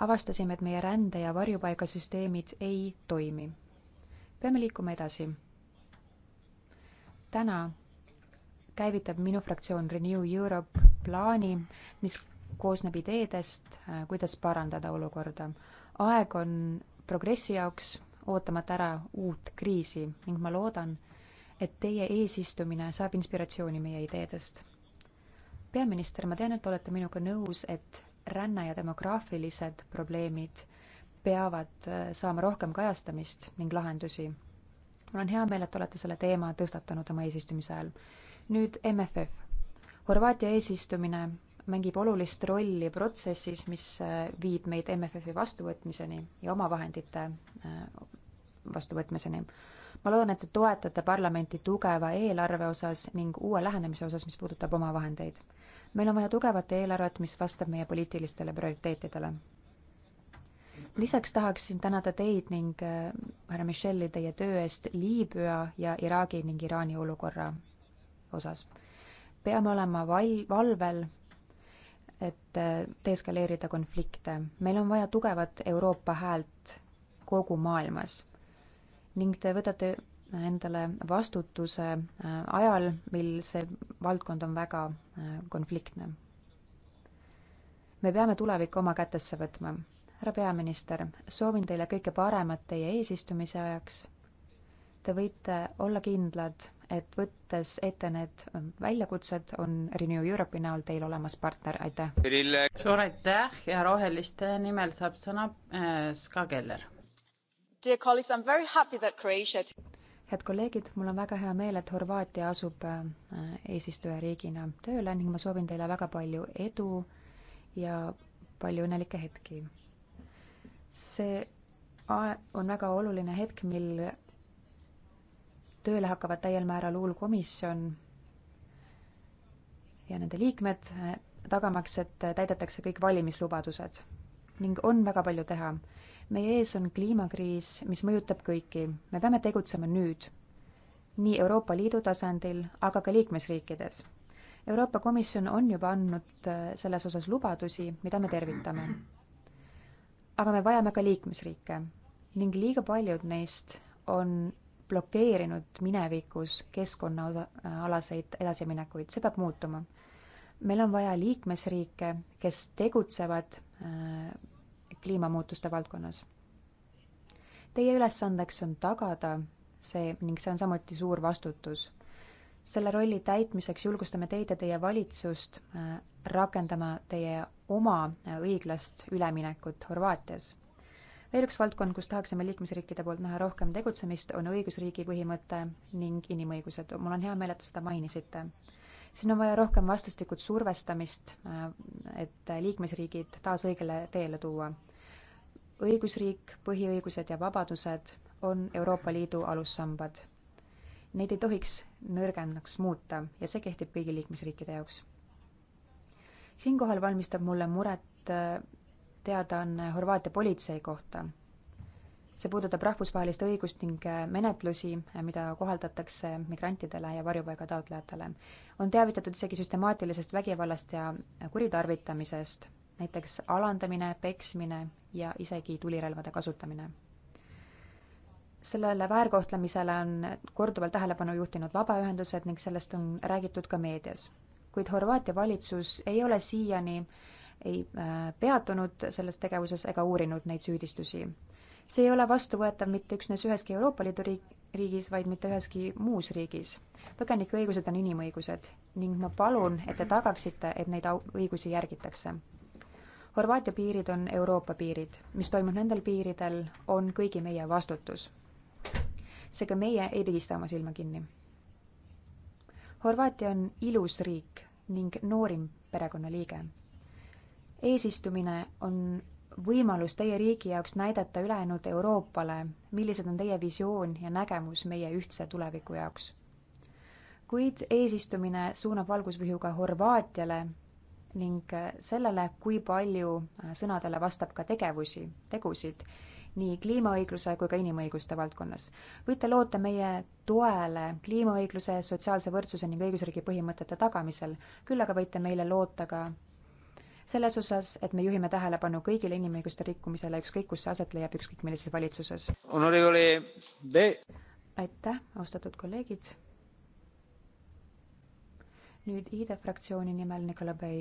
avastasime, et meie rände- ja varjupaigasüsteemid ei toimi. peame liikuma edasi. täna käivitab minu fraktsioon Renew Europe plaani, mis koosneb ideedest, äh, kuidas parandada olukorda. aeg on progressi jaoks, ootamata ära uut kriisi ning ma loodan, et teie eesistumine saab inspiratsiooni meie ideedest. peaminister, ma tean, et olete minuga nõus, et ränne ja demograafilised probleemid peavad äh, saama rohkem kajastamist ning lahendusi. mul on hea meel, et olete selle teema tõstatanud oma eesistumise ajal. nüüd MFF. Horvaatia eesistumine mängib olulist rolli protsessis, mis äh, viib meid MFF-i vastuvõtmiseni ja omavahendite äh, vastuvõtmiseni ma loodan, et te toetate parlamenti tugeva eelarve osas ning uue lähenemise osas, mis puudutab omavahendeid. meil on vaja tugevat eelarvet, mis vastab meie poliitilistele prioriteetidele. lisaks tahaksin tänada teid ning äh, härra Michelli teie töö eest Liibüa ja Iraagi ning Iraani olukorra osas. peame olema val-, valvel et äh, deeskaleerida konflikte. meil on vaja tugevat Euroopa häält kogu maailmas ning te võtate endale vastutuse äh, ajal, mil see valdkond on väga äh, konfliktne. me peame tuleviku oma kätesse võtma. härra peaminister, soovin teile kõike paremat teie eesistumise ajaks. Te võite olla kindlad, et võttes ette need ähm, väljakutsed, on Renew Europe'i näol teil olemas partner, aitäh! suur aitäh ja Roheliste nimel saab sõna äh, Ska Keller head kolleegid, mul on väga hea meel, et Horvaatia asub äh, eesistujariigina tööle ning ma soovin teile väga palju edu ja palju õnnelikke hetki. see on väga oluline hetk, mil tööle hakkavad täiel määral uul komisjon ja nende liikmed, äh, tagamaks, et täidetakse kõik valimislubadused ning on väga palju teha meie ees on kliimakriis, mis mõjutab kõiki. me peame tegutsema nüüd, nii Euroopa Liidu tasandil, aga ka liikmesriikides. Euroopa Komisjon on juba andnud äh, selles osas lubadusi, mida me tervitame. aga me vajame ka liikmesriike ning liiga paljud neist on blokeerinud minevikus keskkonnaalaseid äh, edasiminekuid, see peab muutuma. meil on vaja liikmesriike, kes tegutsevad äh, kliimamuutuste valdkonnas. Teie ülesandeks on tagada see ning see on samuti suur vastutus. selle rolli täitmiseks julgustame teid ja teie valitsust äh, rakendama teie oma äh, õiglast üleminekut Horvaatias. veel üks valdkond, kus tahaksime liikmesriikide poolt näha rohkem tegutsemist, on õigusriigi põhimõte ning inimõigused. mul on hea meel, et te seda mainisite siin on vaja rohkem vastastikut survestamist, äh, et liikmesriigid taas õigele teele tuua õigusriik, põhiõigused ja vabadused on Euroopa Liidu alussambad. Neid ei tohiks nõrgemaks muuta ja see kehtib kõigi liikmesriikide jaoks. siinkohal valmistab mulle muret äh, teadaanne Horvaatia politsei kohta. see puudutab rahvusvahelist õigust ning äh, menetlusi, äh, mida kohaldatakse migrantidele ja varjupaiga taotlejatele. on teavitatud isegi süstemaatilisest vägivallast ja kuritarvitamisest, näiteks alandamine, peksmine ja isegi tulirelvade kasutamine. sellele väärkohtlemisele on korduvalt tähelepanu juhtinud vabaühendused ning sellest on räägitud ka meedias. kuid Horvaatia valitsus ei ole siiani ei äh, peatunud selles tegevuses ega uurinud neid süüdistusi. see ei ole vastuvõetav mitte üksnes üheski Euroopa Liidu riik, riigis, vaid mitte üheski muus riigis. põgenike õigused on inimõigused ning ma palun, et te tagaksite, et neid õigusi järgitakse. Horvaatia piirid on Euroopa piirid, mis toimub nendel piiridel, on kõigi meie vastutus. seega meie ei pigista oma silma kinni. Horvaatia on ilus riik ning noorim perekonnaliige. eesistumine on võimalus teie riigi jaoks näidata ülejäänud Euroopale, millised on teie visioon ja nägemus meie ühtse tuleviku jaoks. kuid eesistumine suunab valgusvihuga Horvaatiale ning sellele, kui palju äh, sõnadele vastab ka tegevusi, tegusid nii kliimaõigluse kui ka inimõiguste valdkonnas. võite loota meie toele kliimaõigluse, sotsiaalse võrdsuse ning õigusriigi põhimõtete tagamisel, küll aga võite meile loota ka selles osas, et me juhime tähelepanu kõigile inimõiguste rikkumisele, ükskõik kus see aset leiab, ükskõik millises valitsuses. aitäh, austatud kolleegid nüüd ID e fraktsiooni nimel Nikolai Bey.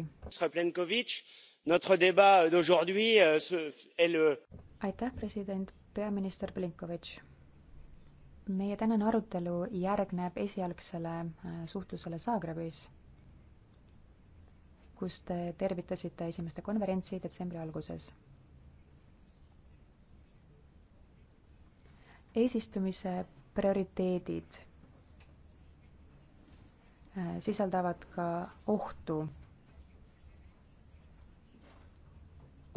Euh, aitäh, president, peaminister Plenkovitš. meie tänane arutelu järgneb esialgsele äh, suhtlusele Zagrebis, kus te tervitasite esimeste konverentsi detsembri alguses eesistumise prioriteedid Äh, sisaldavad ka ohtu.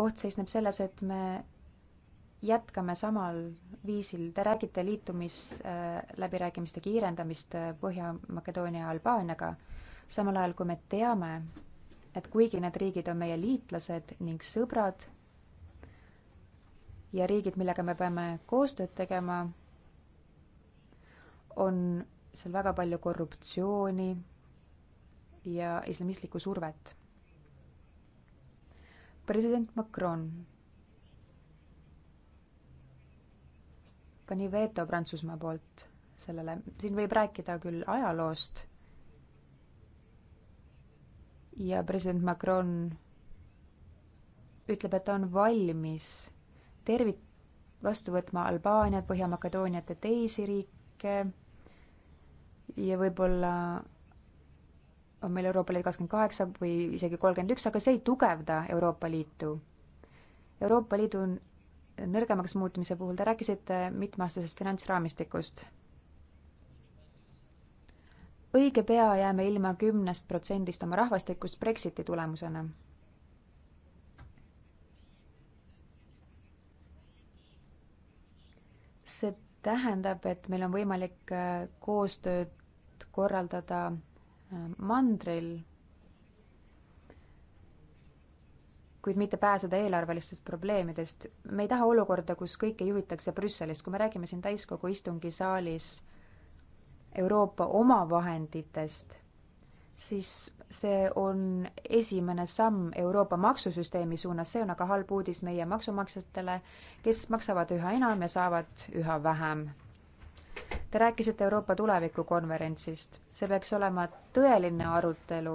oht seisneb selles, et me jätkame samal viisil, te räägite liitumisläbirääkimiste kiirendamist äh, Põhja-Makedoonia ja Albaaniaga, samal ajal kui me teame, et kuigi need riigid on meie liitlased ning sõbrad ja riigid, millega me peame koostööd tegema, on seal väga palju korruptsiooni ja islamistlikku survet. president Macron pani veto Prantsusmaa poolt sellele, siin võib rääkida küll ajaloost ja president Macron ütleb, et ta on valmis tervit-, vastu võtma Albaaniat, Põhja-Makedooniat ja teisi riike ja võib-olla on meil Euroopa Liit kakskümmend kaheksa või isegi kolmkümmend üks, aga see ei tugevda Euroopa Liitu. Euroopa Liidu nõrgemaks muutumise puhul te rääkisite mitmeaastasest finantsraamistikust. õige pea jääme ilma kümnest protsendist oma rahvastikust Brexiti tulemusena tähendab, et meil on võimalik äh, koostööd korraldada äh, mandril, kuid mitte pääseda eelarvelistest probleemidest. me ei taha olukorda, kus kõike juhitakse Brüsselist, kui me räägime siin täiskogu istungisaalis Euroopa omavahenditest siis see on esimene samm Euroopa maksusüsteemi suunas, see on aga halb uudis meie maksumaksjatele, kes maksavad üha enam ja saavad üha vähem. Te rääkisite Euroopa tuleviku konverentsist, see peaks olema tõeline arutelu,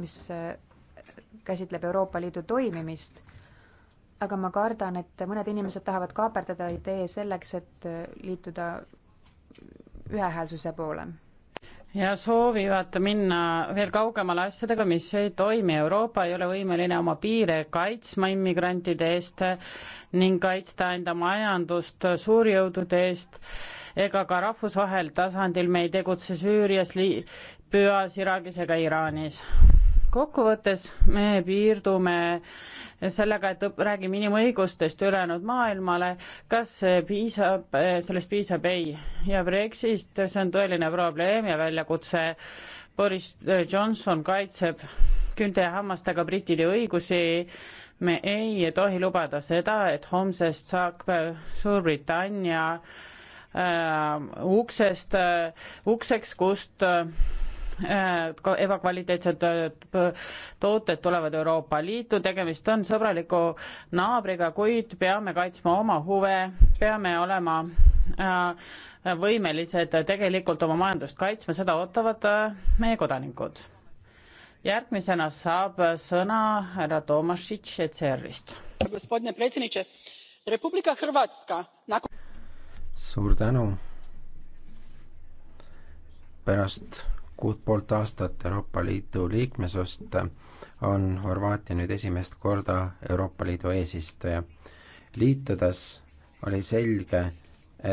mis äh, käsitleb Euroopa Liidu toimimist, aga ma kardan, et mõned inimesed tahavad kaaperdada idee selleks, et äh, liituda ühehäälsuse poole ja soovivad minna veel kaugemale asjadega, mis ei toimi. Euroopa ei ole võimeline oma piire kaitsma immigrantide eest ning kaitsta enda majandust suurjõudude eest ega ka rahvusvahel tasandil me ei tegutse Süürias, Liibüas, Iraagis ega Iraanis kokkuvõttes me piirdume sellega, et räägime inimõigustest ülejäänud maailmale, kas piisab, sellest piisab, ei. ja Brexit, see on tõeline probleem ja väljakutse. Boris Johnson kaitseb künde ja hammastega brittide õigusi. me ei tohi lubada seda, et homsest saab Suurbritannia äh, uksest äh,, ukseks, kust äh, Äh, ka ebakvaliteetsed äh, tooted tulevad Euroopa Liitu, tegemist on sõbraliku naabriga, kuid peame kaitsma oma huve, peame olema äh, võimelised tegelikult oma majandust kaitsma, seda ootavad meie kodanikud. järgmisena saab sõna härra Tomašitš ECR-ist. suur tänu. pärast kuut poolt aastat Euroopa Liidu liikmesust on Horvaatia nüüd esimest korda Euroopa Liidu eesistuja. liitudes oli selge,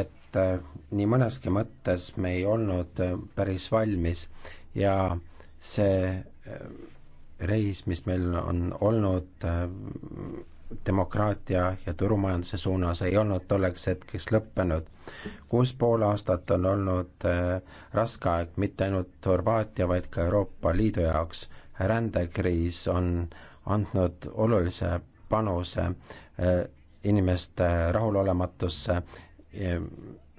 et äh, nii mõneski mõttes me ei olnud äh, päris valmis ja see äh, reis, mis meil on olnud demokraatia ja turumajanduse suunas ei olnud tolleks hetkeks lõppenud. kuus pool aastat on olnud äh, raske aeg mitte ainult Horvaatia, vaid ka Euroopa Liidu jaoks. rändekriis on andnud olulise panuse äh, inimeste rahulolematusse, äh,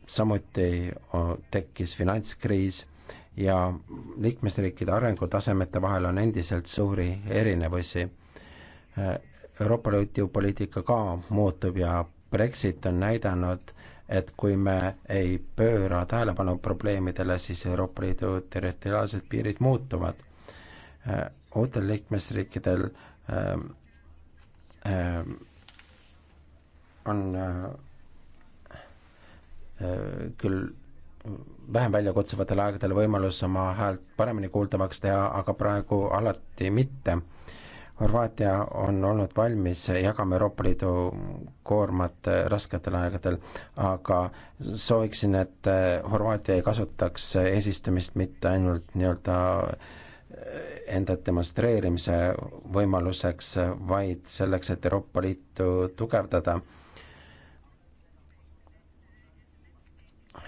samuti tekkis finantskriis ja liikmesriikide arengutasemete vahel on endiselt suuri erinevusi Euroopa Liidu poliitika ka muutub ja Brexit on näidanud, et kui me ei pööra tähelepanu probleemidele, siis Euroopa Liidu territoriaalsed piirid muutuvad. uutel äh, liikmesriikidel äh, äh, on küll vähem väljakutsuvatel aegadel võimalus oma häält paremini kuuldavaks teha, aga praegu alati mitte Horvaatia on olnud valmis jagama Euroopa Liidu koormat äh, rasketel aegadel, aga sooviksin, et äh, Horvaatia ei kasutaks eesistumist mitte ainult nii-öelda äh, enda demonstreerimise võimaluseks, vaid selleks, et Euroopa Liitu tugevdada.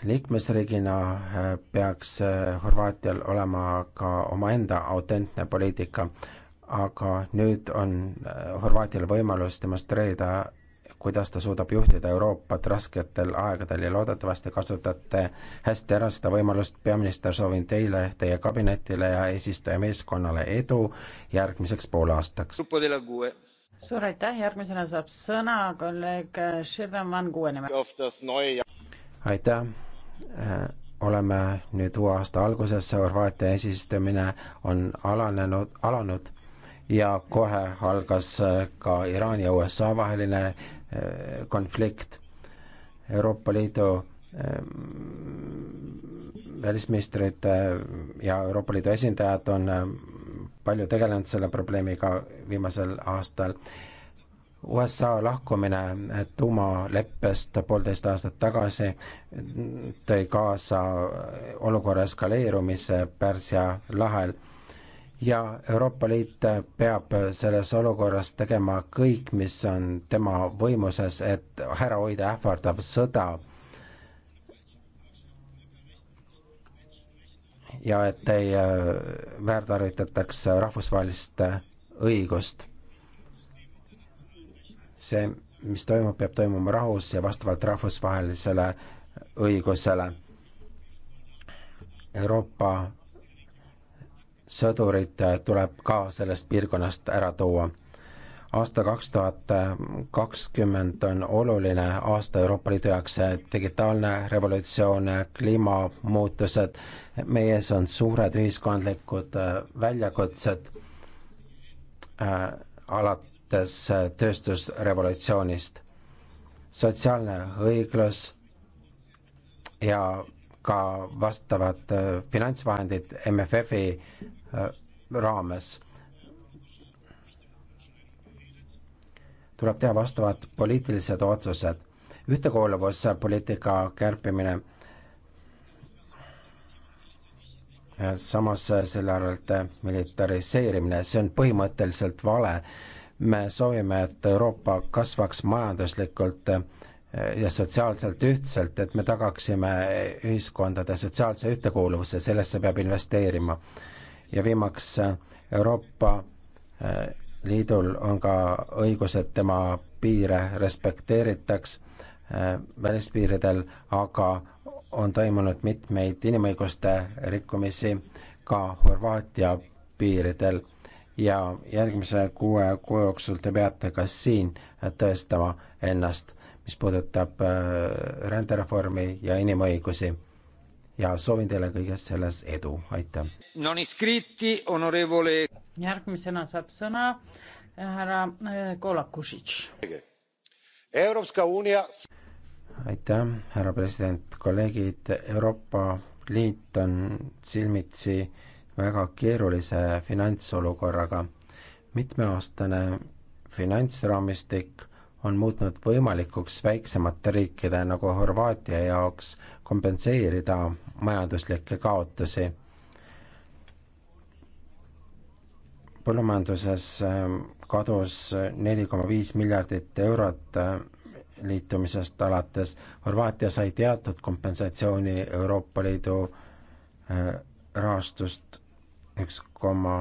liikmesriigina peaks Horvaatial olema ka omaenda autentne poliitika aga nüüd on äh, Horvaatial võimalus demonstreerida, kuidas ta suudab juhtida Euroopat rasketel aegadel ja loodetavasti kasutate hästi ära seda võimalust. peaminister, soovin teile, teie kabinetile ja eesistuja meeskonnale edu järgmiseks poolaastaks. suur aitäh, järgmisena saab sõna kolleeg Shirdaman Kuue nimel. aitäh äh, oleme nüüd uue aasta alguses, Horvaatia esistumine on alanenud, alanud ja kohe algas äh, ka Iraani ja USA vaheline äh, konflikt. Euroopa Liidu ähm, välisministrid äh, ja Euroopa Liidu esindajad on palju tegelenud selle probleemiga viimasel aastal. USA lahkumine tuumaleppest poolteist aastat tagasi tõi kaasa olukorra eskaleerumise Pärsia lahel ja Euroopa Liit peab selles olukorras tegema kõik, mis on tema võimuses, et ära hoida ähvardav sõda. ja et ei äh, väärtarvitataks rahvusvahelist õigust. see, mis toimub, peab toimuma rahus ja vastavalt rahvusvahelisele õigusele. Euroopa sõdurid äh, tuleb ka sellest piirkonnast ära tuua. aasta kaks tuhat kakskümmend on oluline aasta Euroopa Liidu jaoks, äh, digitaalne revolutsioon, äh, kliimamuutused, meie ees on suured ühiskondlikud väljakutsed äh, alates tööstusrevolutsioonist. sotsiaalne õiglus ja ka vastavad äh, finantsvahendid MFF-i äh, raames. tuleb teha vastavad poliitilised otsused. ühtekuuluvuspoliitika kärpimine, samas äh, selle arvelt militariseerimine, see on põhimõtteliselt vale. me soovime, et Euroopa kasvaks majanduslikult Eh, ja sotsiaalselt ühtselt, et me tagaksime ühiskondade sotsiaalse ühtekuuluvuse, sellesse peab investeerima. ja viimaks, eh, Euroopa eh, Liidul on ka õigus, et tema piire respekteeritaks välispiiridel, aga on toimunud mitmeid inimõiguste rikkumisi ka Horvaatia piiridel ja järgmise kuue kuu jooksul te peate ka siin tõestama ennast mis puudutab äh, rändereformi ja inimõigusi. ja soovin teile kõiges selles edu, aitäh. non iscritti, onorevole. järgmisena saab sõna äh, härra äh, Kolakušitš. aitäh, härra president, kolleegid, Euroopa Liit on silmitsi väga keerulise finantsolukorraga. mitmeaastane finantsraamistik on muutnud võimalikuks väiksemate riikide nagu Horvaatia jaoks kompenseerida majanduslikke kaotusi. põllumajanduses ähm, kadus neli koma viis miljardit eurot äh, liitumisest alates, Horvaatia sai teatud kompensatsiooni Euroopa Liidu äh, rahastust üks koma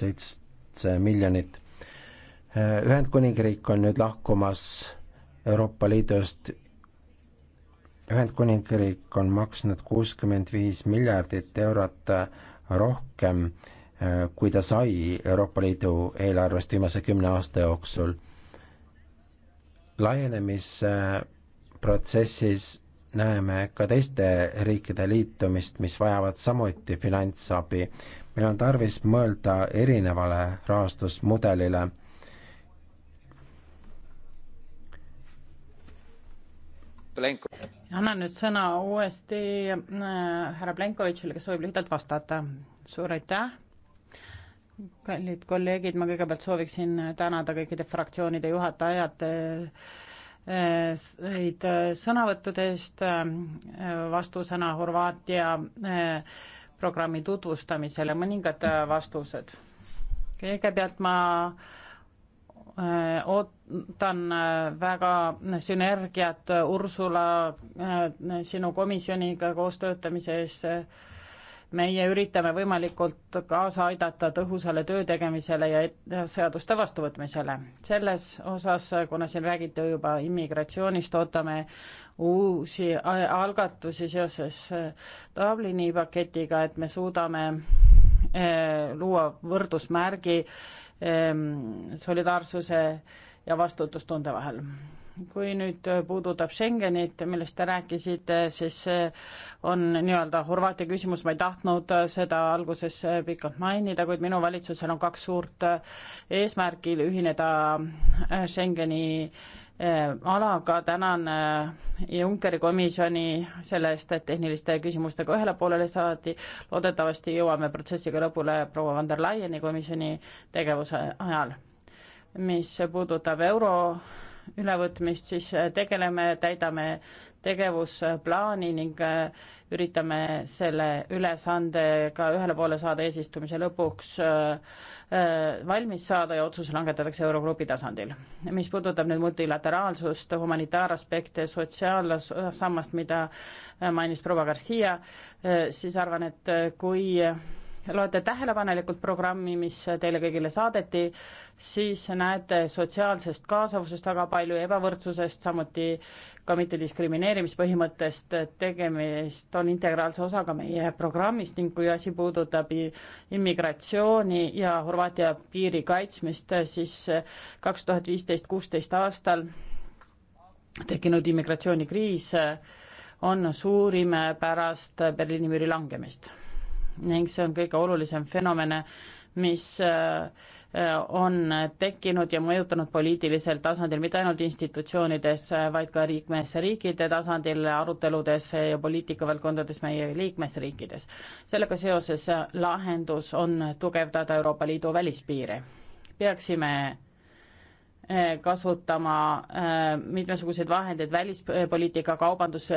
seitse miljonit Äh, Ühendkuningriik on nüüd lahkumas Euroopa Liidust. Ühendkuningriik on maksnud kuuskümmend viis miljardit eurot äh, rohkem, äh, kui ta sai Euroopa Liidu eelarvest viimase kümne aasta jooksul. laienemisprotsessis näeme ka teiste riikide liitumist, mis vajavad samuti finantsabi. meil on tarvis mõelda erinevale rahastusmudelile annan nüüd sõna uuesti äh, härra Plenkovitšile, kes soovib lühidalt vastata. suur aitäh, kallid kolleegid, ma kõigepealt sooviksin tänada kõikide fraktsioonide juhatajad neid äh, äh, sõnavõttudest vastusena Horvaatia programmi tutvustamisele, mõningad vastused. kõigepealt ma ootan väga sünergiat Ursula sinu komisjoniga koos töötamise ees. meie üritame võimalikult kaasa aidata tõhusale töö tegemisele ja seaduste vastuvõtmisele. selles osas, kuna siin räägiti juba immigratsioonist, ootame uusi äh, algatusi seoses äh, Dublini paketiga, et me suudame Äh, luua võrdusmärgi ähm, solidaarsuse ja vastutustunde vahel. kui nüüd puudutab Schengenit, millest te rääkisite, siis äh, on nii-öelda Horvaatia küsimus, ma ei tahtnud äh, seda alguses pikalt mainida, kuid minu valitsusel on kaks suurt eesmärki, ühineda Schengeni äh, Äh, alaga tänan äh, Junckeri komisjoni selle eest, et tehniliste küsimustega ühele poolele saadi, loodetavasti jõuame protsessiga lõpule proua von der Leyeni komisjoni tegevuse ajal. mis puudutab euro ülevõtmist, siis äh, tegeleme, täidame tegevusplaani ning äh, üritame selle ülesandega ühele poole saada eesistumise lõpuks äh, äh, valmis saada ja otsus langetatakse Eurogrupi tasandil. mis puudutab nüüd multilateraalsust, humanitaaraspekte, sotsiaalsammast, mida mainis proua Garcia, siis arvan, et kui loete tähelepanelikult programmi, mis teile kõigile saadeti, siis näete sotsiaalsest kaasavusest väga palju ja ebavõrdsusest, samuti ka mittediskrimineerimispõhimõttest, tegemist on integraalse osaga meie programmist ning kui asi puudutab immigratsiooni ja Horvaatia piiri kaitsmist, siis kaks tuhat viisteist, kuusteist aastal tekkinud immigratsioonikriis on suurim pärast Berliini müüri langemist ning see on kõige olulisem fenomen, mis äh, äh, on tekkinud ja mõjutanud poliitilisel tasandil, mitte ainult institutsioonides, äh, vaid ka liikmesriikide tasandil, aruteludes ja poliitikavaldkondades meie liikmesriikides. sellega seoses lahendus on tugevdada Euroopa Liidu välispiire. peaksime kasutama mitmesuguseid vahendeid välispoliitika, kaubandus,